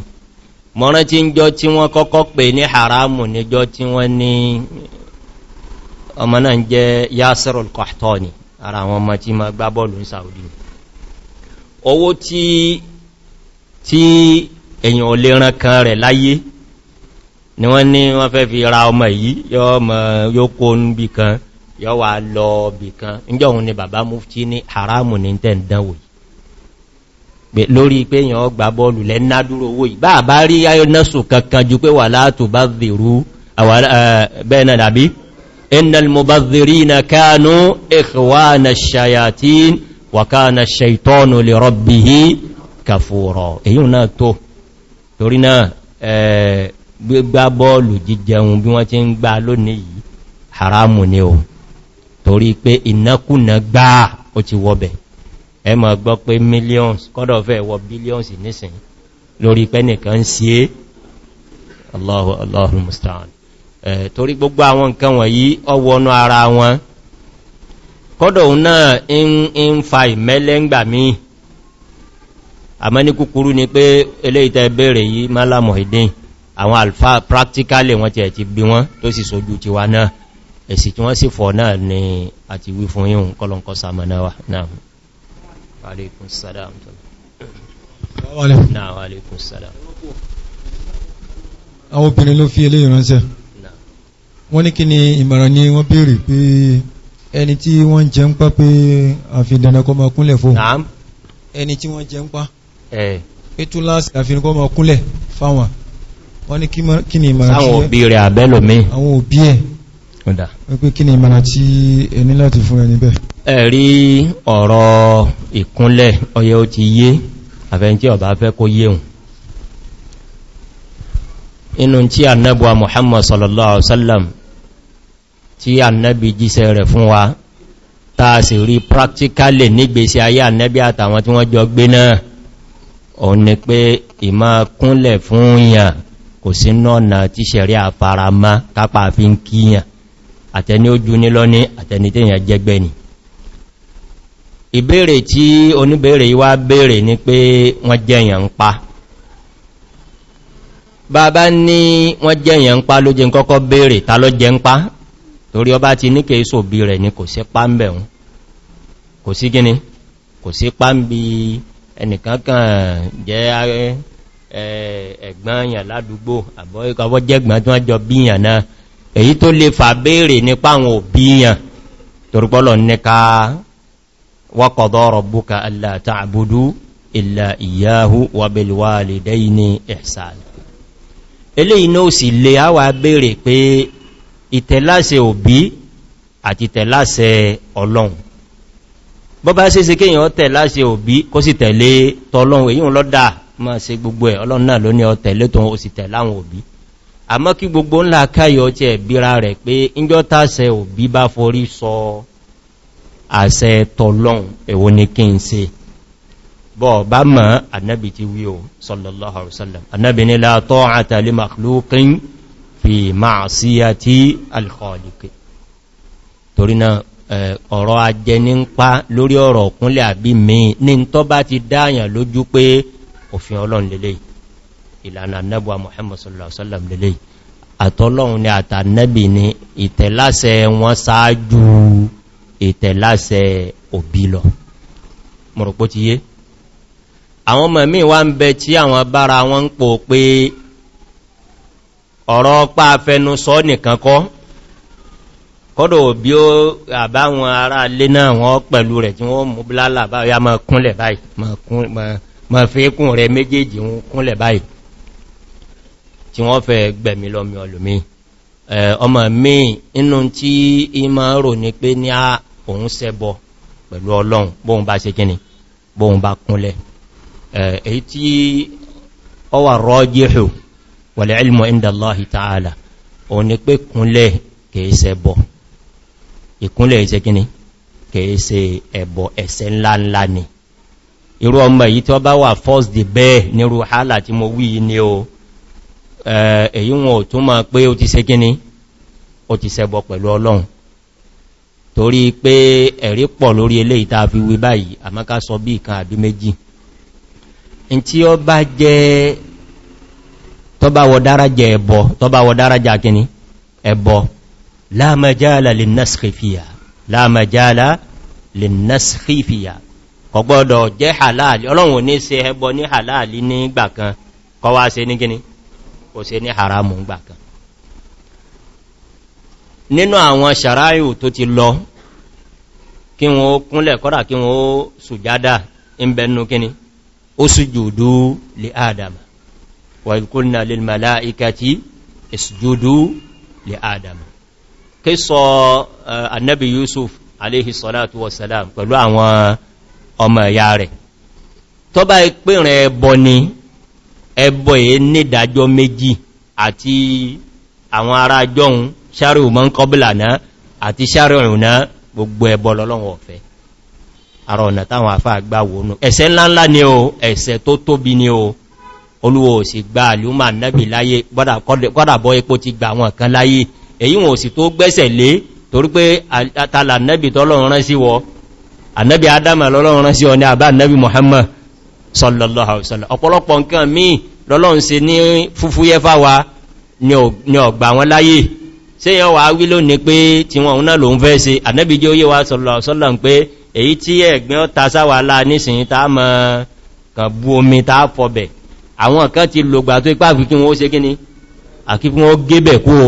mọ́rán tí ń jọ tí wọ́n kọ́kọ́ pè ní haramu níjọ tí wọ́n ní ọmọ náà ń jẹ́ Yasir al-Qahtani ara àwọn ọmọ tí ma gbá bọ́ọ̀lù ní Saudi owó tí tí èyàn ò lè ran kan rẹ̀ láyé ni wọ́n ní wọ́n fẹ́ fi ra ọmọ yìí yóò kó yóò wà lọ ni bàbá mufti ní haramu ní tẹ́ǹdánwò lórí pé èyàn gbá bọ́ọ̀lù lẹ́nádúró owó yìí bá àbá rí ayọ́nẹ́sù kankan ju pé wà látò bá zèrú bẹ́ẹ̀ náà dàbí innal mubadhdhirina kanu ikhwana ash-shayatin wa kana ash-shaytanu li rabbih kafura èyí náà tó torí náà gbígbá bọ́ọ̀lù jíjẹun bí wọ́n ti ń gbá lónìí yìí haramu ni o torí pé ìnákùnà gbá ó ti wọ́bẹ̀ ẹ máa gbọ́ pé millions kọ́dọ̀ fẹ́ wọ billions nísìn lórí pé nìkan sí Allahu Allahu musta'an torí gbogbo àwọn nǹkan wọ̀nyí ọwọ́nú ara wọn kọ́dọ̀ náà in fa ìmẹ́lẹ́ ń gbà mí àmọ́ ní kúkúrú ni pé eléyìí tẹ́ bèèrè yìí mala Muhyiddin àwọn alfa practically wọ́n ti ẹ̀tì bí wọ́n tó sì sójú ti wa náà èsì tí wọ́n sì fọ́ náà ni àti wí fún yíhun kọlọ̀nkọ́ sàmànáwà náà alaikum salam àwọn obìnrin ló fi eléyìí ránṣẹ́ wọ́n ní kí ni ìmọ̀ràn ni wọ́n béèrè pé ẹni tí wọ́n jẹ ń pá pé àfidànakọ́ ma kúnlẹ̀ fún ẹni tí wọ́n jẹ ń pá pé tún láti àfidànakọ́ ma kúnlẹ̀ fáwọn wọ́n ní kí ni ìmọ̀ràn tí àwọn òbí rẹ̀ àbẹ́lòmí àwọn òbí ẹ̀ wípé kí ni ti annabuwa muhammad sallallahu alaihi wasallam tí annabi jíṣẹ́ rẹ̀ fún wa taa sì rí practically nígbèsí ayé annabi àtàwọn tí wọ́n jọ gbé náà òun ni pé ìmá kúnlẹ̀ fún yàn kò sí nọ́nà tí ṣẹ̀rí àfaramá kápá fi ń kíyàn àtẹni ojú ní lọ́ní àtẹni tí yàn jẹ́gbẹ́ ni ìbéèrè tí oníbéèrè wá béèrè ni pé wọ́n jẹ́yàn ń pa bàbá ní wọ́n jẹ́yàn ń pa ló jẹ́ ń kọ́kọ́ béèrè ta ló jẹ́ ń pa torí ọba ti ní kèé sòbí rẹ̀ ni kò sí pámbẹ̀ òun kò sí gíní kò sí pámbí ẹnìkankan jẹ́ ẹ̀gbọ́n yàn ládúgbò àbọ́ ikọ̀wọ́ jẹ́gbọ́n tó jọ bíyàn náà èyí tó lè fà béèrè nípa àwọn òbíyàn torúpọ́lọ̀ nẹ́ka waqada rabbuka alla ta'budu illa iyyahu lè á wà béèrè ìtẹ̀láṣẹ òbí àti tẹ̀láṣẹ ọlọ́run bọ́ bá ṣe ṣe kéèyàn tẹ̀láṣẹ òbí kó sì tẹ̀lé tọ́lọ́run èyí lọ́dà ma ṣe gbogbo ẹ̀ ọlọ́run náà ló ní ọ tẹ̀lé tó ó sì tẹ̀láwọn òbí àmọ́ kí gbogbo ńlá káyọ tí ẹ̀ bíra rẹ̀ pé ìjọ́ tàṣẹ òbí bá forí sọ àṣẹ sallallahu alaihi wasallam annabi ni la ta'ata fi máa sí àti alkhọ́ọ̀lùkì torí náà ọ̀rọ̀ ajẹ́ ní ń pa lórí ọ̀rọ̀ ọ̀kúnlẹ̀ àbí mi ní tọ́ bá ti dáyàn lójú pé òfin ọlọ́run lélẹ̀ ìlànà annabuwa muhammad sallallahu alaihi wasallam lélẹ̀ àtọ́lọ́run ni àtànẹ́bì ni ìtẹ̀láṣẹ ọ̀rọ̀ ọpá afẹnu sọ nìkan kọ́ kọ́dọ̀ bí ó àbáwọn ará lé náà wọ́n pẹ̀lú rẹ̀ tí wọ́n mú blálà báyá ma kúnlẹ̀ báyìí ma fẹ́kún rẹ̀ méjèèjì wọn kúnlẹ̀ báyìí tí wọ́n fẹ́ gbẹ̀mí lọ́mí ọlùmí ọmọ mi inú tí ìmọ̀ rò ní pé ní a òun sẹ́bọ pẹ̀lú ọlọ́run bóhun bá ṣe kíni bóhun bá kúnlẹ̀ èyí tí ọwà rọ́jíhù wàlẹ̀ ilmọ̀ inda Allahi ta'ala òun ni pé kúnlẹ̀ kèése bọ̀ ìkúnlẹ̀ ìṣẹ́ kíní kèése ẹbọ ẹ̀ṣẹ̀ ńláńlá ni irú ọmọ èyí tí ó bá wà first the bear ní ruhala tí mo wí ní o èyí wọn ò tún máa pé ó ti ṣe kíní ó ti ṣẹbọ pẹ̀lú Ọlọ́run torí pé ẹ̀rí pọ̀ lórí eléyìí tá fi wí báyìí àmọ́ ká sọ bí ìkan àbí méjì in tí ó bá jẹ́ tọba wọ dáraja ẹ̀bọ̀ tọba wọ dáraja kìíní ẹ̀bọ̀ la majala linnaskhi fiha la majala linnaskhi fiha kò gbọ́dọ̀ jẹ́ halal ọlọ́run ní ṣe ẹbọ ní halal ní ìgbà kan kò wá ṣe ní gíní kò ṣe ní haramu ìgbà nínú àwọn ṣàráyù tó ti lọ kí wọ́n kúnlẹ̀ kọ́dà kí wọ́n sùjádà ń bẹnu gíní ó sùjúdù li Adama وإذ قلنا للملائكة اسجدوا لآدم قصة النبي يوسف عليه الصلاة والسلام pẹ̀lú àwọn ọmọ ìyá rẹ̀ tó bá ìpínrẹ̀ ẹbọ ni ẹbọ èé nídàjọ́ méjì àti àwọn ará jọun ṣáríù mọ́ ń kọbílà náà àti ṣáríù náà gbogbo ẹbọ lọ́lọ́wọ́ ọ̀fẹ́ ara ọ̀nà táwọn àfáà gbáwò ẹ̀ṣẹ̀ ńláńlá ni o ẹ̀ṣẹ̀ tó tóbi ni o olúwo ò sì gba àlúmà náàbì láyé gbọ́dàbọ́ epo ti gba àwọn kan láyé èyí wọn ò sì tó gbẹ́sẹ̀ lé torí pé àtàlà náàbì tọ́lọ́run rán sí wọ ànábì adama lọ́lọ́run rán sí ọ ní àbá sallallahu alaihi wasallam ọ̀pọ̀lọpọ̀ nǹkan míì lọ́lọ́run ṣe ní fúfúyẹ́ fáwa ni ọ̀gbà wọn láyé ṣe yẹn wà wí lónìí pé tí wọn náà ló ń fẹ́ ṣe ànábì jẹ́ oyé wa sallallahu alaihi wasallam pé èyí tí ẹ̀gbẹ́ ọ̀ta sáwà láà nísìnyí tá mọ́ kàn omi tá fọbẹ̀ àwọn kan ti lògbà tó ipá fi kí ó ṣe kí ni àkí fún wọ́n gébẹ̀ kú o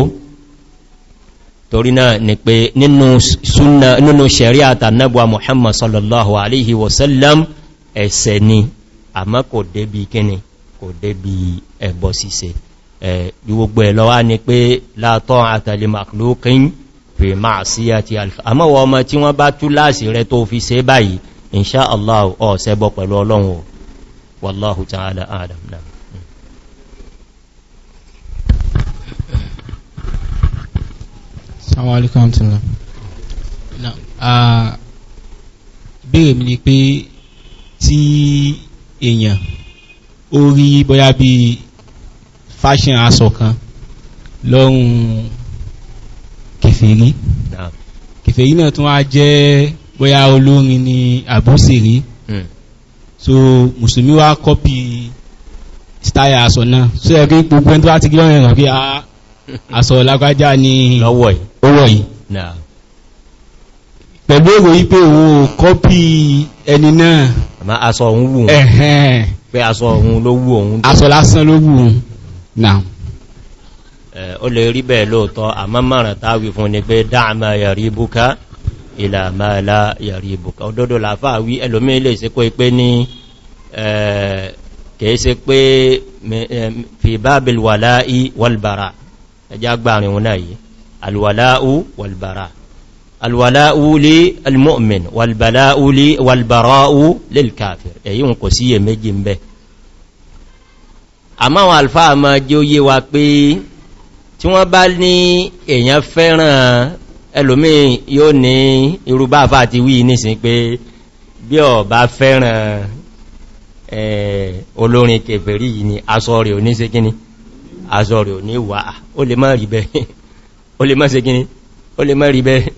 torí náà ni pé nínú ṣẹ̀ríà tànàbà Muhammad sallallahu alaihi wasallam ẹ̀ṣẹ̀ ni àmọ́ kò débi kíni kò débi ẹbọ ṣíṣe bí gbogbo ẹ̀ lọ́wà ni pé la ta'ata li makhluqin fi ma'siyati àmọ́wọ́ ọmọ tí wọ́n bá tú والله تعالى أعلم نعم السلام عليكم ورحمة الله نعم béèrè mi ni pé tí èèyàn ó rí bóyá bí fashion aṣọ kan lọ́rùn kèfèrí kèfèrí náà tún wá jẹ́ bóyá olórin ni àbúsèré so mùsùlùmí wa kọ́pì style aṣọ náà so ẹ̀ kí gbogbo ẹni tó bá ti gílọ́ rẹ̀ rẹ̀ pé ah, aṣọ lágbájá ní lọ́wọ́ yìí pẹ̀lú èrò yí pé òun kọ́pì ẹni náà àmá aṣọ òun wù ẹ̀hẹ́n pé aṣọ òun ló wù òun aṣọ lásán ló wù òun náà ó lè rí bẹ́ẹ̀ lóòtọ́ àmọ́ márùn-ún táwí fún ni pé dáàmà yàrí búká ìlà máa lá yàrí ìbùkà òdòdó làfà wí ẹlòmí ilé ìsẹ́kó ipé ní kẹ̀ẹ́sẹ́ pé fi bábil wàláì wàlbàrà ẹjá gbàrin wọn náà yìí alwàláù wàlbàrà alwàláù lè almu'min wàlbàláù lè wàlbàráù lè kàfir èyí ń ẹlòmí yóò ní irúbá àfá àti wí nísìn pé bí ọ bá fẹ́ràn olórin kèfèrí yìí ni aṣọ rẹ̀ òní ṣe kíní aṣọ rẹ̀ òní wà ó lè má rí bẹ́ẹ̀ ó lè má ṣe kíní ó lè má rí bẹ́ẹ̀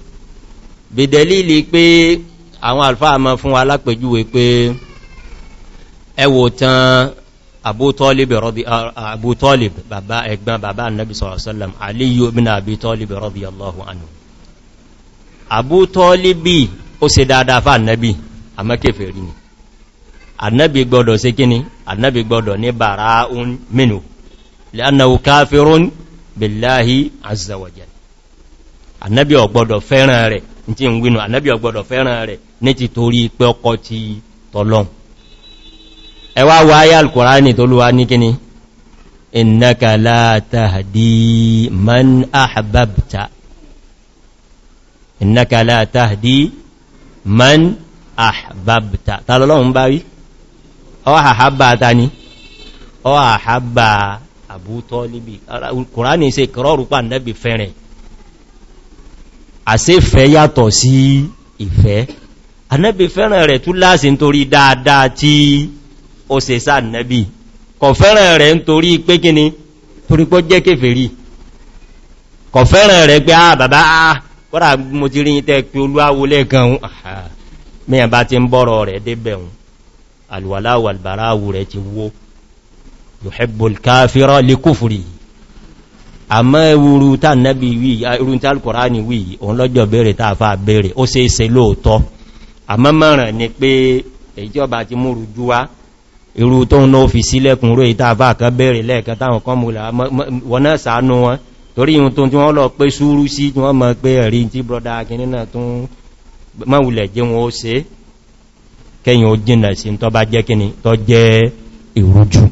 bìdẹ̀lìlì pé àwọn alfáà fún alápẹjúwe pé ẹwò Abu Talib Abu Talib bàbá ẹ̀gbọ́n bàbá annabi sallallahu alaihi wasallam Aliyu bin Abi Talib radiyallahu anhu àbútọ́líbì ó se dáadáa fà annabi àmọ́kẹfẹ̀ rí ni annabi gbọdọ̀ sí kíni annabi gbọdọ̀ ní bàrá un minu lẹ́annahu káfirún billahi azawajal annabi ọgbọdọ̀ fẹ́ràn rẹ̀ tí ń wínú annabi ọgbọdọ̀ fẹ́ràn rẹ̀ ní ti torí pé ọkọ̀ ti tọ́lọ́n ẹwà wà áyà alkùránì tó lúwa ní kíni innaka la tahdi man ahbabta innaka la tahdi man ahbabta ta lọ́lọ́run bá rí ọwà àhábà ta ni ọwà àhábà Abu Talibi kùránì ṣe kìrọrùpa nẹ́bì fẹ́rẹ̀ àṣífẹ́ yàtọ̀ sí ìfẹ́ anẹ́bì fẹ́rẹ̀ rẹ̀ tún láàṣì nítorí dáadáa tí ó ṣe sáà nẹ́bì kọ̀ fẹ́rẹ̀ rẹ̀ nítorí pé kíni torípọ́ jẹ́ kéfèrí kọ̀ fẹ́rẹ̀ rẹ̀ pé ah bàbá ah kọ́dà mo ti rí yí tẹ́ pé olúwáwó lẹ́gan mẹ́yàn bá ti ń bọ́rọ̀ rẹ̀ débẹ̀un alwàláwà albàráwù rẹ̀ ti wó yóò káfíra lè kúfùrí àmọ́ ewúrú tá nẹ́bí wí irun tí alkùránì wí òun lọ́jọ́ bèèrè tààfà bèèrè ó sì ṣe lóòtọ́ torí ihun tó tí wọ́n lọ pé súúrú sí tí wọ́n mọ̀ pé ẹ̀rí tí brọ́dá akíní náà tó máwùlẹ̀ jẹ́ wọn ó se kẹyìn ó jìnà sí tó bá jẹ́ kíní tó jẹ́ ìrújú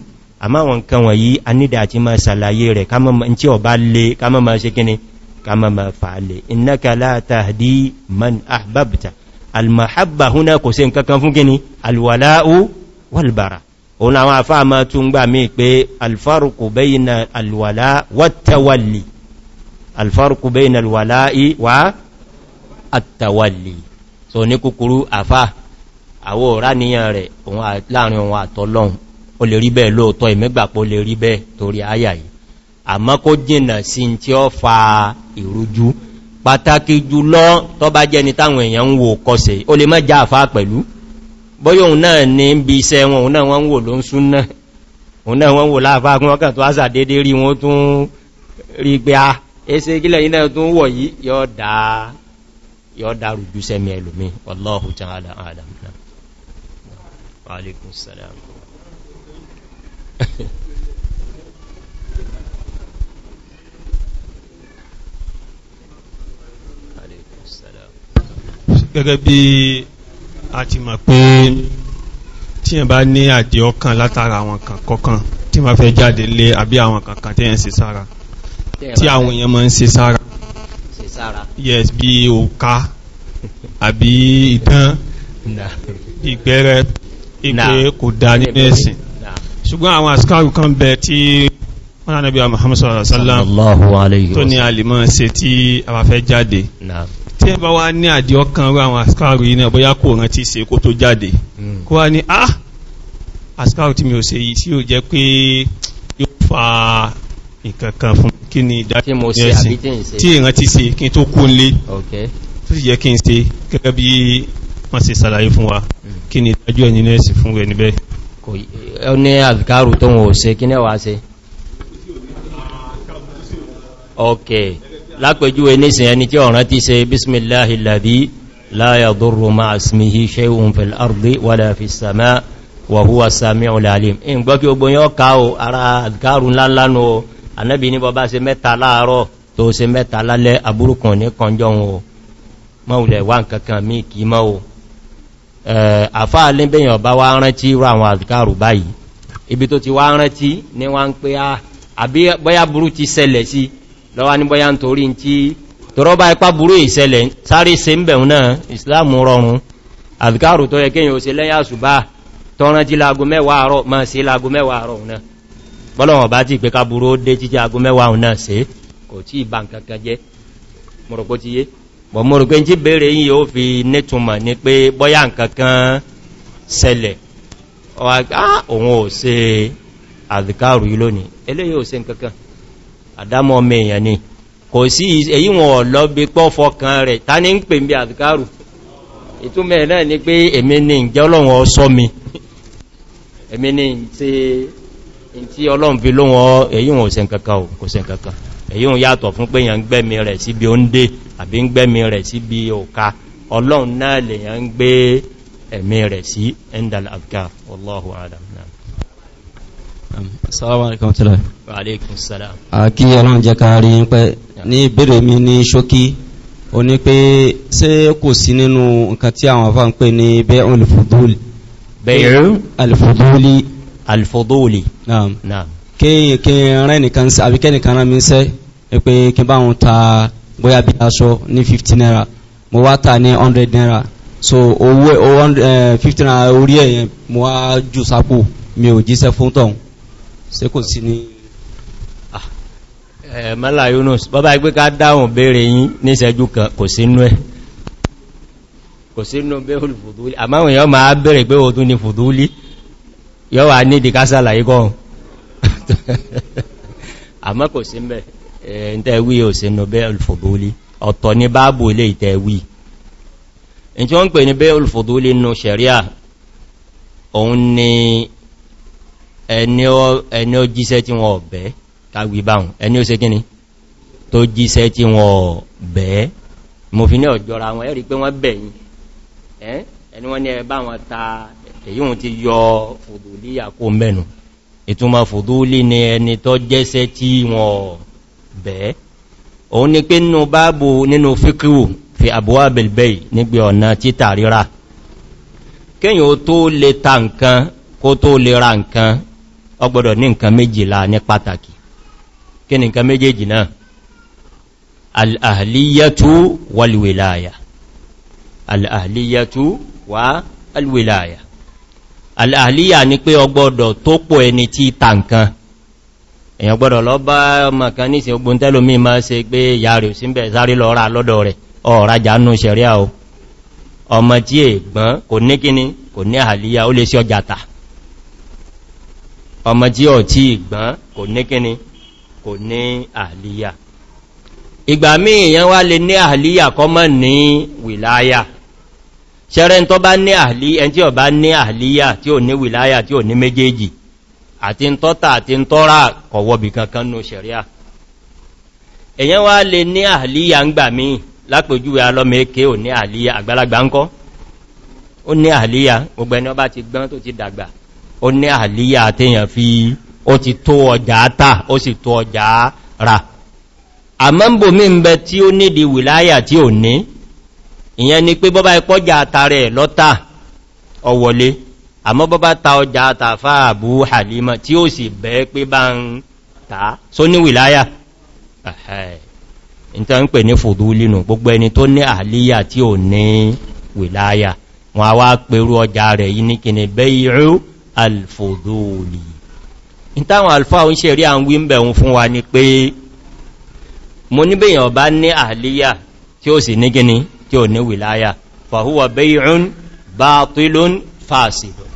àmá wọn kan wọ̀nyí a nídà àti máa sàlàyé rẹ̀ tí ọ bá lè kámọ́mọ́ sí kíní kámọ́mọ́ fàálẹ̀ innaka la walbara òun àwọn àfáà máa tún gbà mí pé alfaruku bayna alwala wattawalli alfarku bayna alwala'i wa attawalli so ní kúkúrú afa awo ra niyan rẹ̀ ohun láàrin ohun atolohun ó lè rí bẹ́ẹ̀ lóòótọ́ imegbapo ó lè rí bẹ́ẹ̀ torí aya yìí àmọ́ kó jìnnà sí tí ó fa ìrújú pàtàkì jùlọ tó bá jẹ́ ni táwọn èèyàn ń wò kọsẹ̀ ó lè má já àfá pẹ̀lú bóyóhun náà ní bí iṣẹ́ wọn òun náà wọ́n wò ló ń súnnà òun náà wọ́n wò láàfá kún ọkàn tó ásà dédé rí wọ́n tún rí pé a ah, èsè gílẹ̀ iná tó ń wọ̀ yí yọ́ dáa rùjú sẹ́mi ẹlòmí wallahu ta'ala alam náà wa alaikun salam gẹ́gẹ́ bí a ti mọ̀ pé tí yẹn bá ní àdí ọkàn látara àwọn kankan tí ma fẹ́ jáde lé àbí àwọn kankan tí yẹn sì sára tí àwọn èèyàn máa ń ṣe sára yes bí òká àbí ìdán ìgbẹ́rẹ́ ìpé kò dá nínú ẹ̀sìn ṣùgbọ́n àwọn àsìkáàrù kan bẹ tí wọ́n náà nàbí àwọn Muhammad sallallahu alaihi wasallam tó ní alìmọ́ ṣe tí a bá fẹ́ jáde tí ẹ bá wá ní àdí ọkàn rú àwọn àsìkáàrù yìí náà bóyá kò rántí ṣe ìkankan fún kí ni ìdájẹ́sìn tí ìran ti se kí n tó kó nlé tó sì jẹ́ kí n se gẹ́gẹ́ bí wọ́n se sàlàyé fún wa hmm. kí ni ìdájọ́ ẹni nẹ́ẹ̀sì fún rẹ̀ níbẹ̀ ní àdìkárù tó wọn ò se kí ní wà se ok lápẹjú enísìn ẹni tí ọ̀rán ti se bismillahi ladhi láyàdúrù máa smihi shay'un fil ardi wala fi sama wa huwa sami'ul alim in gbọ́ kí ogbóyán ká o ara àdìkárù ńlá lánàá ànábì ní bọba ṣe mẹ́ta láàárọ̀ tó ṣe mẹ́ta lálẹ́ aburukun ní kanjọ́ o mọ́wùlẹ̀ wá nkankan mí kí mọ́ o àfáà lé bẹ́yàn bá wá rántí rọ àwọn àdìkàrù báyìí ibi tó ti wá rántí ní wá ń pé àbí bọ́yá burú ti ṣẹlẹ̀ sí lọ́wá ní bọ́yá ń torí tí tọrọ bá ipá burú ìṣẹlẹ̀ sáré se ń bẹ̀rún náà ìsìláàmù rọrùn àdìkàrù tó yẹ kéyàn ò ṣe lẹ́yà ṣùgbà tọ́rántí láago mẹ́wàá àárọ̀ máa ṣe láago mẹ́wàá náà bọ́lọ̀wọ̀n bá ti pé kábúrú ó dé títí agun mẹ́wàá òun náà sí kò tí ìbá nkankan jẹ́ mọ̀rọ̀pọ̀ ti yé bọ̀ mọ̀rọ̀pẹ́ tí bèèrè yìí ó fi nítùmọ̀ ní pé bọ́yá nkankan sẹlẹ̀ òun ò se àdìkárù yìí lónìí eléyìí ò se nkankan àdámọ́ mẹ́yàn ni kò sí èyí wọn lọ bí pọ́ fọkàn rẹ̀ ta ní ń pè bí àdìkárù ìtúmẹ̀ tí ọlọ́run fi ló wọn èyí wọn òsẹ̀ kankan ò kò sẹ̀ kankan èyí wọn yàtọ̀ fún pé yàn ń gbẹ́mi rẹ̀ síbi ó ń dé àbí ń gbẹ́mi rẹ̀ síbi òka ọlọ́run náà lè yàn ń gbé ẹ̀mí rẹ̀ sí endal abka wallahu adam ọlọ́run alfodoli kéèkéèrè nìkan sí àbíkẹ́ nìkan rán mi sẹ́ pé kí bá wọn ta bóyá bí aṣọ ní 15 naira mo wá ta ní 100 naira so owó 15 eh, naira orí ẹ̀yẹn mo wá jù sápò mi ò jíṣẹ́ fún tọ̀hún ṣe kò sí ní ah. eh, mọ́là yunus bọ́bá igbé ká dáhùn béèrè yín ní ìṣẹ́jú kan kò sínú ẹ̀ kò sínú bẹ́ẹ̀lù fùdúlì àmáhùn yọ́ máa béèrè pé o tún ni fùdúlì yọ́ wà ní ìdíkásà láyé gọ́n àmọ́ kò sí mẹ́ ẹ̀ntẹ́wí ò sí nù bẹ́ olùfòdólí ọ̀tọ̀ ní báàbù ilé ìtẹ́wí in tí wọ́n ń pè ní bẹ́ olùfòdólí nù sẹ̀ríà òun ni ẹni ó jíṣẹ́ tí wọ́n bẹ́ kágbì báhùn ẹni ó ṣe kíni tó jíṣẹ́ tí wọ́n bẹ́ mo fi ní ọjọ́ra wọn ẹ̀rí pé wọ́n bẹ̀yìn ẹni wọ́n ní ẹ bá wọn ta èyí wọ́n ti yọ fòdúlí àkó mẹ́nu ìtumọ̀ fòdúlí ni ẹni tó jẹ́sẹ́ tí wọ́n bẹ̀ẹ́ òun ni pé nínú báàbù nínú fíkíwò fi àbúwà bẹ̀lbẹ̀ nígbé ọ̀nà títà ríra kíyàn ó tó lè ta nǹkan kó tó lè ra nǹkan ó gbọ́dọ̀ ní nǹkan méjìlá ní pàtàkì kí ni nǹkan méjèèjì al wilaya al-ahliyatu wa al-wilaya àlàáhàlíyà ni pé ọgbọ́dọ̀ tó pò ẹni tí tànkan èyàn gbọ́dọ̀ lọ bá ọmọ kan ní ìsìn ogun tẹ́lómí máa ṣe pé ìyá rẹ̀ síbẹ̀ sáré lọ ra lọ́dọ̀ rẹ̀ ọ̀rajà nù ṣẹ̀rí àwọ̀ ọmọ tí è gbọ́n kò ní kíní kò ní àhàlíyà ó lè sí ọjà tà ọmọ tí ọ̀ tí ṣẹ́rẹ́ tó bá ní àhìlí ẹn tí ó bá ní àhìlíyà tí ó ní wìláyà tí ó ní méjèèjì àti ń tọ́ta àti ń tọ́ra kọ̀wọ́bì kankan ní ṣẹ̀ríà èyàn wá lè ní àhìlíyà ń gbà mí lápèjúwe alọ́mẹ́kẹ́ ò ní àhìlíyà àgbàlagbà ńkọ́ ó ní àhìlíyà gbogbo ẹni ọba ti gbọ́n ìyẹn ni pé bọ́bá ipọ́jà àtàrẹ lọ́ta ọ̀wọ̀lé àmọ́ bọ́bá ta ọjà àtàfà àbú halima tí ó sì bẹ́ pé bá ń ta só ní wìláyà ìta ń pè ní fòdúlínù gbogbo ẹni tó ní àlíyà tí ò ní wìláyà wọn a wá pẹ̀rú ọjà rẹ̀ yìí ní kìnnì ni pé tí ó sì ní gíní tí ò ní wìláyà fàhúwà bay'un báàtílùn fásidùn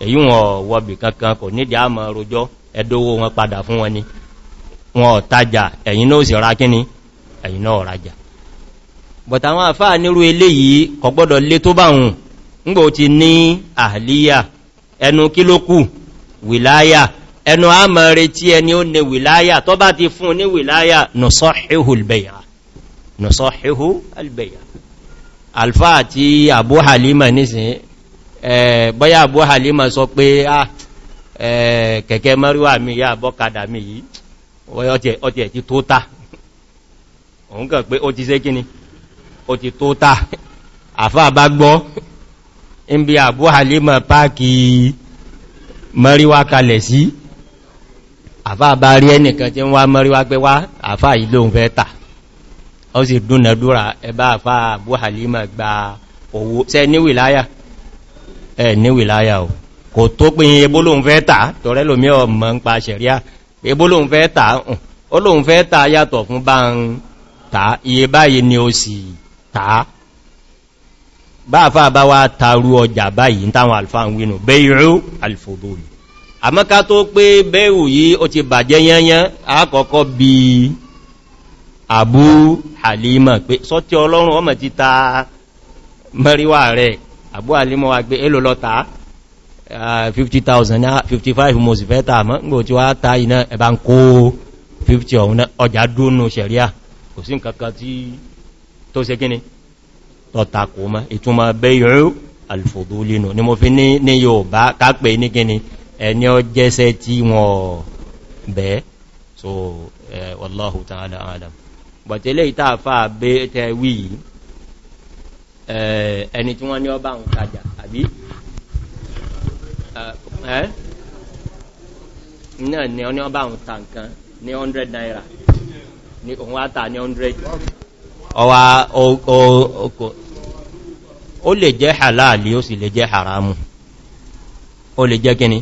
èyí wọn wọ́bì kankan kò nídìí a mọ̀ rojọ́ ẹdówó wọn padà fún wọn ni wọn ọ̀tajà ẹ̀yin náà sì ra kíní ẹ̀yin náà rajà but àwọn àfáà nírú eléyìí kò gbọ́dọ̀ lé tó bá hùn ńgbò ti ní àhàlíyà ẹnu kí wìláyà ẹnu a mọ̀ retí ẹni ó ní wìláyà tó ti fún ní wìláyà nùsọ́hìhùl bay'a nọ̀sọ́híhú albẹ̀yà alfa àti àbú halima nísìn bọ́yá àbú halima sọ pé ah, kẹ̀kẹ́ mẹ́rìwà mi yá bọ́kadà mi yìí ọtí ẹ̀ ti tó ta òun kàn pé ó ti sé kíni ó ti tó ta àfá bá gbọ́ ń bí àbú halima páàkì mẹ́rìwà kalẹ̀ sí àfá bá rí ẹnìkan tí ń wá mẹ́rìwà pé wá àfá ìlóhun fẹ́ ta ó sì dúnàdúrà ẹbá àfá Abu Halima gba owó ṣẹ́ ní wìláyà ẹ ní wìláyà o kò tó pín ebólóhun fẹ́ tà tọ́rẹ lómí ọmọ ń pa ṣẹ̀ríà ebólóhun fẹ́ tà olóhun fẹ́ tà yàtọ̀ fún bá ń tà iye báyìí ni ó sì tà bá àfá bá wá taru ọjà báyìí táwọn alfa ń wínú bẹ́yìí alfòdóòlù àmọ́ká tó pé bẹ́ẹ̀wù yìí ó ti bàjẹ́ yányán àkọ́kọ́ bíi Abu halima pé sọ́tí ọlọ́run ọmọ ti ta mẹ́ríwà rẹ̀ àbú halima wa gbé èlò lọ́ta 50,000 55 mo sì fẹ́ ta mọ́ ngbò tí wá ta iná ẹba ń kó 50 ọ̀hún ọjà dúnú sẹ̀ríà kò sí nkankan tí tó se kíni tọ́ta kò mọ́ ìtumọ̀ bẹ́yọ̀ alfòdólínú ni mo fi ní yóò bá kápẹ̀ ní kíni ẹni ọ jẹ́sẹ́ tí wọ́n bẹ́ẹ̀ so eh, wallahu ta'ala alam bọ̀tẹ́lẹ̀ ìtàfà bẹ́ẹ̀tẹ̀ wí ẹni tí wọ́n ní ọba ń tajà àbí ẹ́ náà ni ọ ní ọba ń ta nǹkan ní 100 naira ni òun wá tà ní 100 ọwá ọkọ̀ ó lè jẹ́ halali ó sì lè jẹ́ haramu ó lè jẹ́ kíni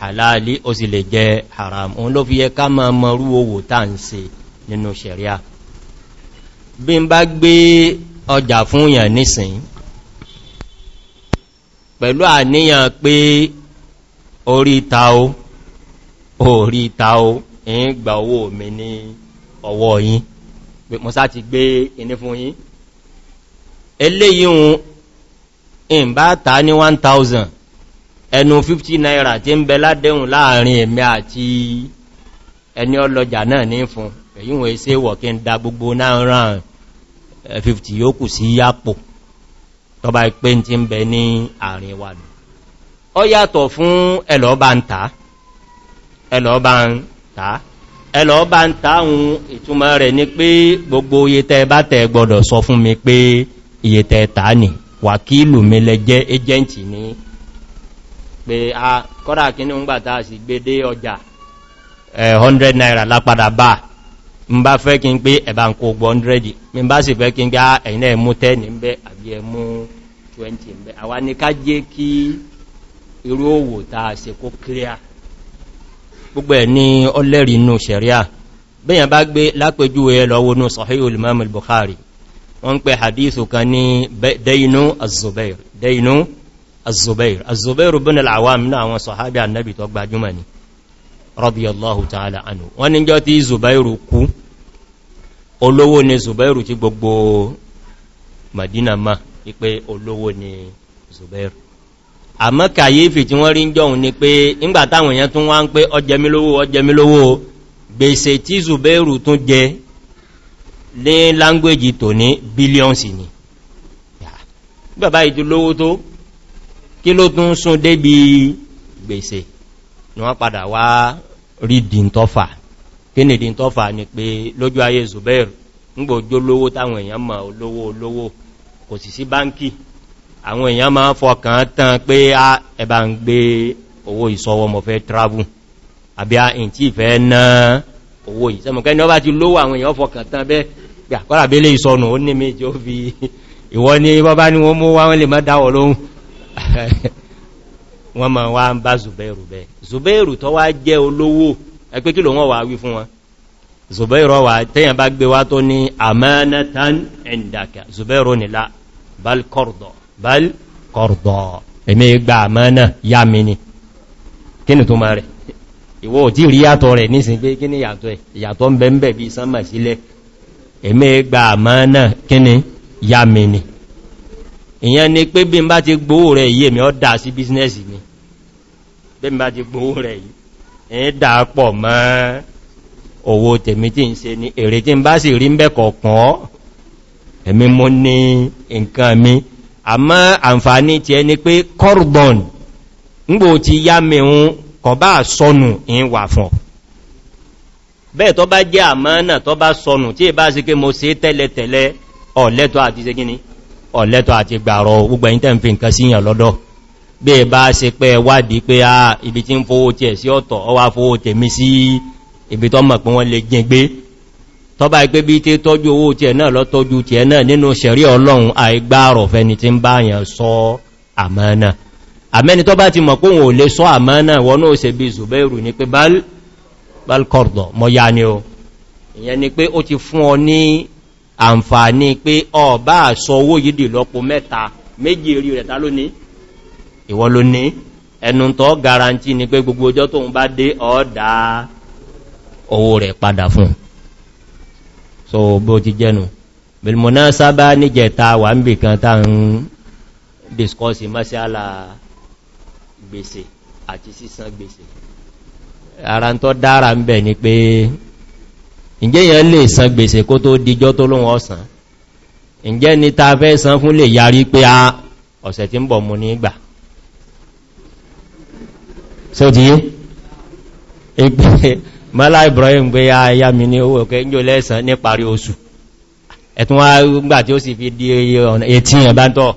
halali ó sì lè jẹ́ haramu òun ló fi yẹ ká ma mọ̀rú owó tàà ń se nínú ṣẹ̀ríà bí n bá gbé ọjà fún yàn nísìn pẹ̀lú àníyàn pé orí ta o orí ta o èyí gba owó mi ní ọwọ́ yín mo sá ti gbé iní fún yín eléyìí hun bá ta ní 1000 ẹnu 50 naira tí ń bẹ ládéhùn láàrin èmi àti ẹni ọlọ́jà náà ní fún èyí hun èsẹ́ wọ̀ kí gbogbo náà ràn 50 yóò kù sí yàpò tọba ìpé tí ń bẹ ní àárín wa nù ọ yàtọ̀ fún ẹlọ́ọ̀bá ń ta ẹlọ́ọ̀bá ń ta ẹlọ́ọ̀bá ń ta ohun ìtumọ̀ rẹ̀ ni pé gbogbo iye tẹ bá tẹ gbọdọ̀ sọ fún mi pé iye tẹ ta nì wàkílù mi lẹ́jẹ́ ẹjẹ́ntì ní pé a kọ́dà kí ní ń gbàtà sì gbé dé ọjà 100 naira lápadà báà ń bá fẹ́ kí n pé ẹ̀bá ń kó gbọ́ 100 mi bá sì fẹ́ kí n gá ah, ẹ̀yìn náà mú 10 ń bẹ́ àbí ẹmú 20 ń bẹ́ àwa jẹ́ kí irú òwò ta ṣe kó kíríà gbogbo ẹ̀ ní ọlẹ́rì inú ṣẹ̀ríà bẹ́yàn bá gbé lápẹjú ẹ Imam al-Bukhari wọ́n hadithu kan ní dainu zubair dainu az-Zubair az-Zubair bin al-Awwam náà àwọn sọ̀hábí annabi tó ni radiyallahu ta'ala Anu wọ́n ní jọ́ tí zubairu kú olówó ni zubairu tí gbogbo madina ma ipe olówó ni zubairu àmọ́ kàyéfì tí wọ́n rí jọun ni pe ńgbà táwọn èèyàn tún wá ń ọjẹmílówó ọjẹmílówó gbèsè tí zubairu tún jẹ ní láńgbèjì tò ní bílíọ̀nsì ni bàbá ìdúlówó tó kí ló tún sún débi gbèsè wọ́n padà wá rí dìntọ́fà kí ni dìntọ́fà ni pé lójú ayé Zubair ńgbò jólówó táwọn èèyàn mọ̀ olówó olówó kò sì sí báńkì àwọn èèyàn máa fọkàn tán pé a ẹba ń gbé owó ìsọwọ́ mọ̀ fẹ́ travel àbí a ìn tí ìfẹ́ ná owó ìsẹ́mọ̀kẹ́ ní ọba ti lówó àwọn èèyàn ni bọ́bá ni wọ́n mú wá wọ́n wọ́n ma wá ń bá zùbẹ́rù bẹ́ zùbẹ́rù tó wá jẹ́ olówó ẹgbẹ́ kí lò wọ́n wà wí fún wọn zùbẹ́rù wà tẹ́yàn bá gbé wá tó ní amanatan ẹ̀ndàkà zùbẹ́rù nílá balkọ̀rọ̀dọ̀ balkọ̀rọ̀dọ̀ èmi gba amana yá mi ni kí ni tó ma rẹ̀ ìwọ ò tí rí yàtọ̀ rẹ̀ ìyẹn ni pé bí n bá ti gbówó rẹ̀ yé mi ọ́ dà sí bísínẹ́sì mi bí bá ti gbówó rẹ̀ yìí ẹ̀ dàápọ̀ mọ́ owó tèmi tí ń se ní èrè tí ń bá sì rí ń bẹ́kọ̀ kan ẹ̀mí mú ní nǹkan mi àmọ́ àǹfàní ti ẹni pé cordon ngbò ti yá mẹ́un kọ bá sọnù in wà fún bẹ́ẹ̀ tó bá jẹ́ àmọ́ náà tó bá sọnù tí ìbá sí pé mo se tẹ́lẹ̀tẹ́lẹ̀ ọ̀lẹ́tọ̀ àti se ọ̀lẹ́tọ̀ àti gbàrọ̀ gbogbo ẹ̀yìn tẹ́ ń fi nǹkan síyàn lọ́dọ̀ bí ẹ bá ṣe pé wádìí pé a ah, ibi tí ń fowó tí ẹ̀ sí ọ̀tọ̀ ọwá fowó tèmi sí ibi tó mọ̀ pé wọ́n lè gbìn gbé tọ́bá ipé bí tí tọ́jú owó tí ẹ̀ náà lọ tọ́jú tí ẹ̀ náà nínú ṣẹ̀rí ọlọ́run àìgbàrọ̀ fẹni tí ni o ìyẹn ni pé ó ti fún ọ ní àǹfààní pé ọ ìwọ ló ní ẹnu tọ́ garanti ni pé gbogbo ọjọ́ tóun bá dé ọ̀dá owó rẹ̀ padà fún so bó ti jẹnu bilmọ̀ná sábá níjẹta wà ń bì kan tá ń discourse mọ́síálà gbèsè àti sísan gbèsè ara tó dára ń bẹ̀ ni pé ìjẹ́yàn lè san gbèsè kó tó díjọ́ tó lóhun ọ̀sán ìjẹ́ ni ta fẹ́ san fún lè yarí pé a ah, ọ̀sẹ̀ tí ń bọ̀ mú ní ìgbà tí ó ti yé ìgbé mọ́lá Ibrahim gbé ya ya mi ní owó ọ̀kẹ́ ìjọ lẹ́sàn ní parí oṣù ẹ̀tún wá gbà tí ó sì fi di ọ̀nà etí ẹ̀bá tọ́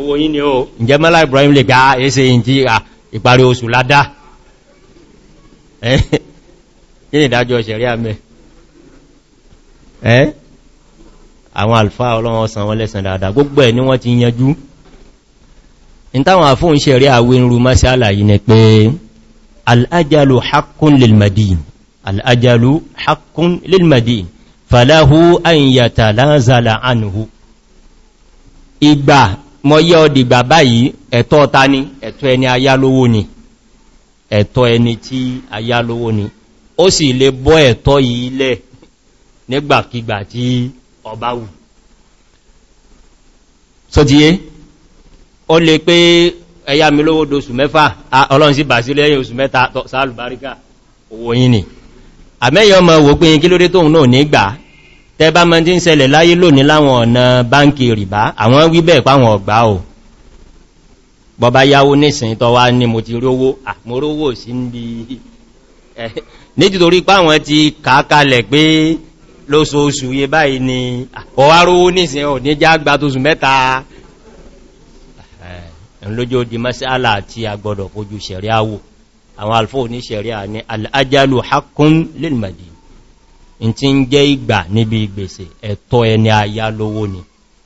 owó yí ni ó ǹjẹ́ mọ́lá Ibrahim lè gbá ẹsẹ ìjí ìparí oṣù ládá kí ni ìdájọ́ ṣẹ̀rí àmẹ́ àwọn àlfáà ọlọ́wọ́ san wọ́n in táwọn àfún ṣe rí àwínrú masala yìí ni pé al'ajalu haqqun lil madin al'ajalu haqqun lil madin falahu an yatalazala anhu ìgbà mọ́ yẹ́ ọdìgbà báyìí ẹ̀tọ́ ta ni ẹ̀tọ́ ẹni ayálówó ni ẹ̀tọ́ ẹni tí ayálówó ni ó sì lè bọ́ ẹ̀tọ́ yìí lẹ̀ nígbàkígbà tí ọba wù so ó lè pé ẹ̀yà mi lówó dóṣù mẹ́fà ọlọ́run sí bà sí lẹ́yìn oṣù mẹ́ta sáàlùbáríkà owó yìí ni àmẹ́yàn ọmọ wò pé kí lórí tóun náà nígbà tẹba mọ́ tí ń ṣẹlẹ̀ láyé lónìí láwọn ọ̀nà báńkì rìbá àwọn wíbẹ̀ páwọn ọ̀gbá o bọba yáwó nísìn tọ́ ni ọwárówó nísìn ò ní já lójó di masala tí a gbọdọ̀ fojú ṣẹ̀ríà wò àwọn alfó ní ṣẹ̀ríà ní al'ajalu haqqun lilmadi in ti ń jẹ́ ìgbà níbi ìgbèsè ẹ̀tọ́ ẹni àyá lówó ni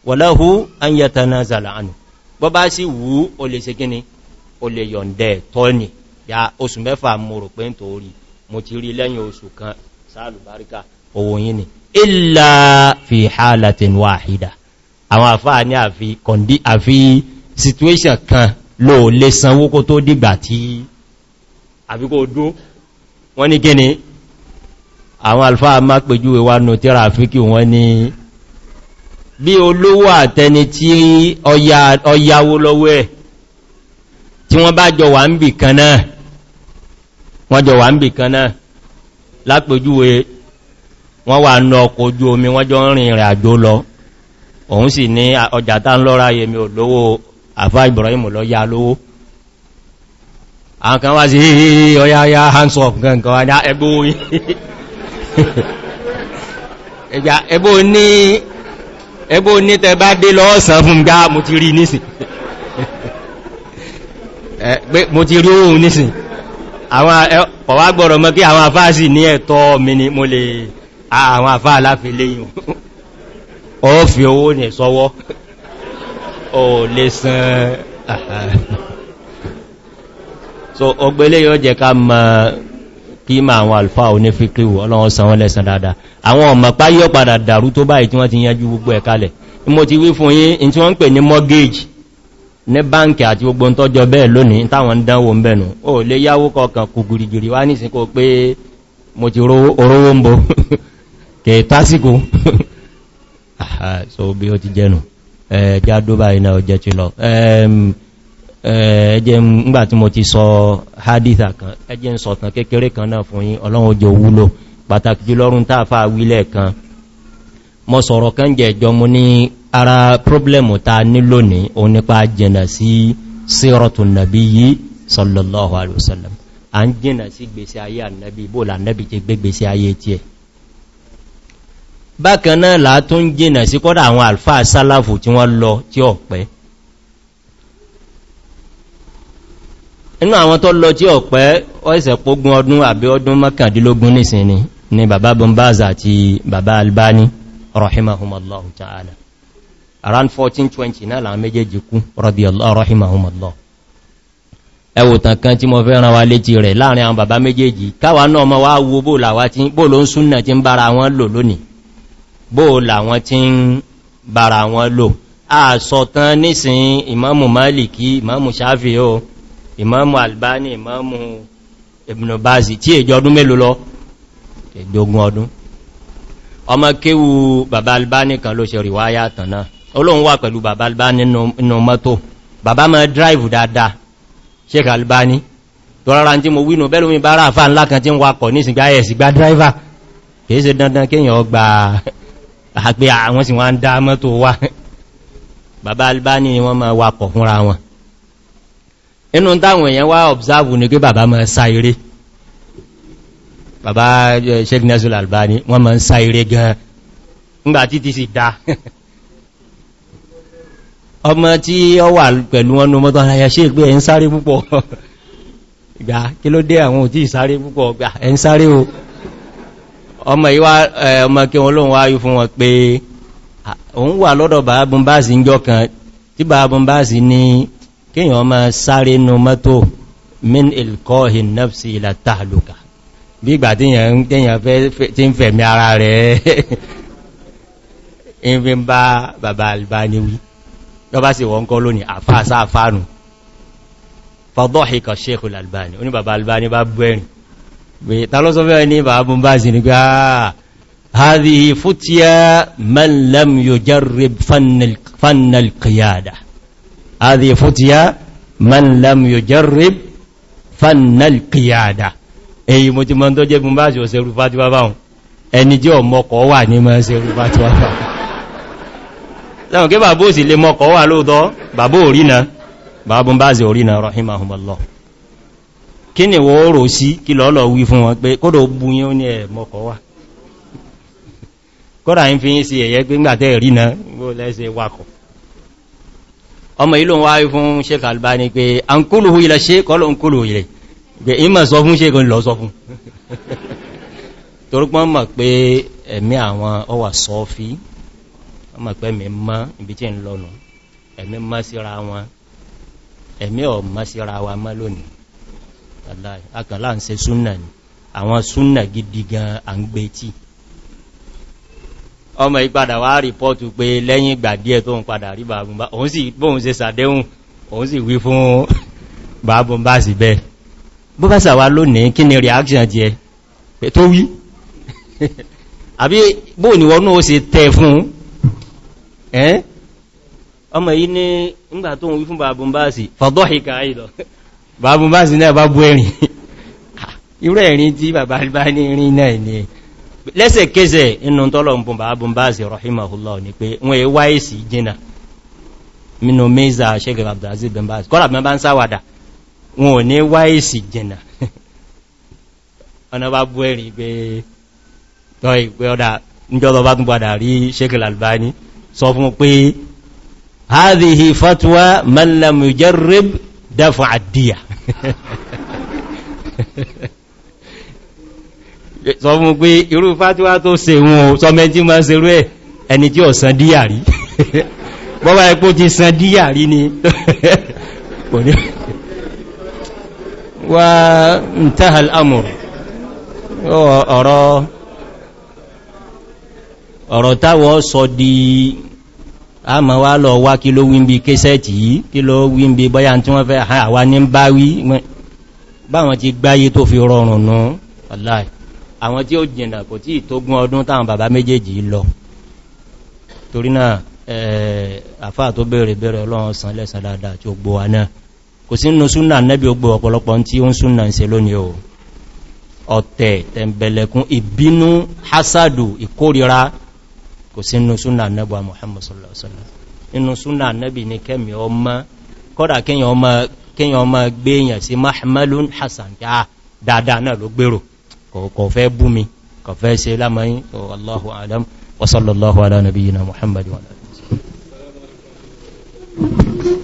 wọ́láhú an yẹ ta náà zàlá ánù bọ́ bá sì wú o lè ṣe gíní o lè yọ̀ndẹ̀ tọ́ ni ya oṣù mẹ́fà mo rò pé ń torí mo ti rí lẹ́yìn oṣù kan sáàlù baríka owó yìí ni illa fi halatin wahida àwọn àfáà ní àfi situation kan ló lè sanwó kó tó dìgbà tí àbíkò dó wọ́n ní kíni àwọn alfáà má pèjúwe wá nù tíra àfíkì wọ́n ní bí olówó àtẹni tí ọyáwó lọ́wọ́ ẹ̀ tí wọ́n bá jọ wà ń bì kan náà wọ́n jọ wà ń kan náà lápèjúwe wọ́n wà nù ọkọ̀ ojú omi wọ́n jọ ń rìn ìrìn àjò lọ òun sì ní ọjà tá ń lọ́ra yẹmi àfá Ibrahim lọ yá lówó àwọn kan wá sí ọyáyá hands off gangan wá ní ẹgbó ní ẹgbó ní tẹbá dé lọ́ọ̀sán fún gá mo ti rí nísìn mo ti rí ohun nísìn àwọn ọ̀wà gbọ́rọ̀ mọ́ kí àwọn àfáà sì ní ẹ̀tọ́ mi ni mo lè àwọn àfáà láfilé yìí ó fi owó ní sọ́wọ́ ò lè san so ọgbẹ̀lé yóò jẹ ká mọ̀ kí ma àwọn alfa onífíkíwò ọlọ́wọ́ san wọ́n lẹ́san dáadáa àwọn ọmọ páyọ́ padà dàrú tó báyìí tí wọ́n ti yanjú gbogbo ẹ̀kalẹ̀ mo ti wí fún yín tí wọ́n ń pè ní mortgage ní báǹkì àti gbogbo ń tọ́jọ bẹ́ẹ̀ lónìí táwọn ń dánwò ń bẹ̀nu ó lè yáwó kọkàn kù gìrìgìrì wá ní pé mo ti orówó ń bo kẹtásíkò so bí ó ti jẹnu jádóbá iná ọjẹ́ tí lọ ẹjẹ́ ńgbà mo ti sọ haditha kan ẹjẹ́ ń sọ̀tàn kékeré kan náà fún yí ọlọ́run jẹ òwúlò pàtàkì jù lọ́rún tàà fà wílẹ̀ kan mọ́ sọ̀rọ̀ kan jẹ́ ẹjọ́ mo ní ara problemu ta ní lónìí o nípa jẹ́nà sí sírọ̀tún nàbí yí sallallahu bákan náà látún jìnà sí kọ́dá àwọn alfa sálàfù tí wọ́n lọ tí ọ̀pẹ́ inú àwọn tó lọ tí ọ̀pẹ́ ọ́ìsẹ̀ pógún ọdún àbí ọdún mọ́kàndínlógún nìsìn ni ni bàbá bombaza àti bàbá albani rahimahumallahu ta'ala around 1420 náà làwọn méjèèjì kú rahimahumallahu ẹwòtàn tí mo fẹ́ ran wa létí rẹ̀ láàrin àwọn bàbá méjèèjì káwa náà mọ́ wá wo bóòlà wá tí bóòlò ń súnnà tí ń bára wọn lò lónìí bó làwọn tí ń bára wọn lò àṣọ̀tán nísìn ìmámù Málìkì ìmámù Ṣáfì o ìmámù Albani ìmámù Ibn Bazi tí èjọ ọdún mélòó lọ èdógún ọdún ọmọ kéwú bàbá Albani kan ló ṣe ríwáyà tàn náà olóhun wà pẹ̀lú bàbá Albani nínú mọ́tò bàbá máa drive dáadáa Sheikh Albani tọ́rara tí mo wínú bẹ́lú mi bára àfáà ńlá kan tí ń wakọ̀ ní ìsìnká ẹ̀sìgbá driver kìí ṣe dandan kéèyàn ọgbà àpé àwọn sì wọ́n dá mọ́tò wá bàbá albani ni wọ́n máa wakọ̀ fúnra wọn inú táwọn èèyàn wá observe ní pé bàbá máa sá eré bàbá eh, sheik nasul albani wọ́n máa ń sá eré gan ńgbà títí sì dá ọmọ tí ó wà pẹ̀lú wọn mọ́tò aláyà sheik pé ọmọ ìwá ọmọ kí wọn lóhun wáyú fún wọn pé òun wà lọ́dọ̀ bàábùn báàsì ń jọ kan tí bàábùn báàsì ní kíyàn ọmọ sáré nú mọ́tò min ilkohin nafsi ila tahluka bí ìgbà tí yàn tí ń fẹ̀mí ara rẹ̀ in fi ń bá bàbá albani wí sheikh albani oní albani bá bú tàlọ́sọ́fẹ́ ní bàbùn bá sí ní pé ah, ààrí fútíyà mẹ́lẹ̀m yóò jẹ́rì fannal kìyàdà ààrí fútíyà mẹ́lẹ̀m yóò jẹ́rì fannal kìyàdà èyí mo ti mọ́ tó jẹ́bùn bá sí ò sẹ́rù fàtíwá báhùn ẹni jẹ́ ọmọkọ̀ wà ní mọ́ sẹ́rù fàtíwá báhùn kí ni wọ́n rò sí kí lọ́lọ́ wí fún wọn pé kódò búyín ó ní ẹ̀ mọ́kọ̀ wà kódà ń fi ń sí ẹ̀yẹ́ pé ńgbàtẹ́ rí na bó lẹ́sẹ̀ wakọ̀ ọmọ ìlú wá wí fún sheik albani pé ankúlù ilẹ̀ ṣe kọ́lọ̀ nkúlù ilẹ̀ pé ìmọ̀ sọ ẹ̀mí àwọn ọwà sọ́fí wa mọ́ lónìí akànlá ń se súnnà ni àwọn súnnà gidi gan à ń gbé tí ọmọ ìpadà wá rìpọ́tù pé lẹ́yìn ìgbà díẹ̀ tó ń padà rí bàbùnbá òun sì bóhun se sàdéhùn òun sì wí fún bàbùnbá sì bẹ́ bó bá sàwà lónìí kí ni reaction jẹ pé tó wí àbí bóò ni wọ́n náà se tẹ fún ọmọ yìí ní ìgbà tó ń wí fún bàbùnbá sì fọ́dọ́hìkà bàbá bá sí náà bá bú ẹ̀rìn irú ẹ̀rin tí bàbá bá ní rí náà ni lẹ́sẹ̀kẹsẹ̀ inú tọ́lọ̀mbùn bàbá bá sí rahimahullah ni pé wọ́n è wáyé sí jìnà mínú mẹ́za ṣẹ́gẹ̀ abdulaziz bin baz kọ́lá mẹ́ bá ń sáwàdà wọn ò ní wáyé sí jìnà hadhihi fatwa man lam yujarrib dafa adiyah sọ fún pé irú fátíwá tó se wọn sọmẹ tí ma ṣe rú ẹ̀ ẹni tí ò san díyàrí bọ́bá ẹ̀pọ̀ ti san díyàrí ni wà ń tẹ́hàl amur ọ̀rọ̀ táwọ̀ sọ di a ma wá lọ wá kí ló wímbi kéṣẹ́ẹ̀tì yìí kí ló wímbi bọ́yá tí wọ́n fẹ́ àwá ní bá wí báwọn ti gbáyé tó fi rọrùn nú ọláì àwọn tí ó jìnà kò tí ìtógún ọdún táwọn bàbá méjèèjì lọ torí náà eh, àfá tó bèèrè bèèrè ọlọ́run san lẹ́sàn dáadáa tí kò sí inú súnà nẹ́bà Muhammad sallallahu alaihi wasallam inú súnà nẹ́bì ni kẹ́mì ọmọ kọ́dà kíyàn ọmọ gbéyàn sí mahmalun hassan ya ah, dáadáa náà ló gbèrò kò fẹ́ bú mi kò fẹ́ ṣe lámọ́yìn wallahu alam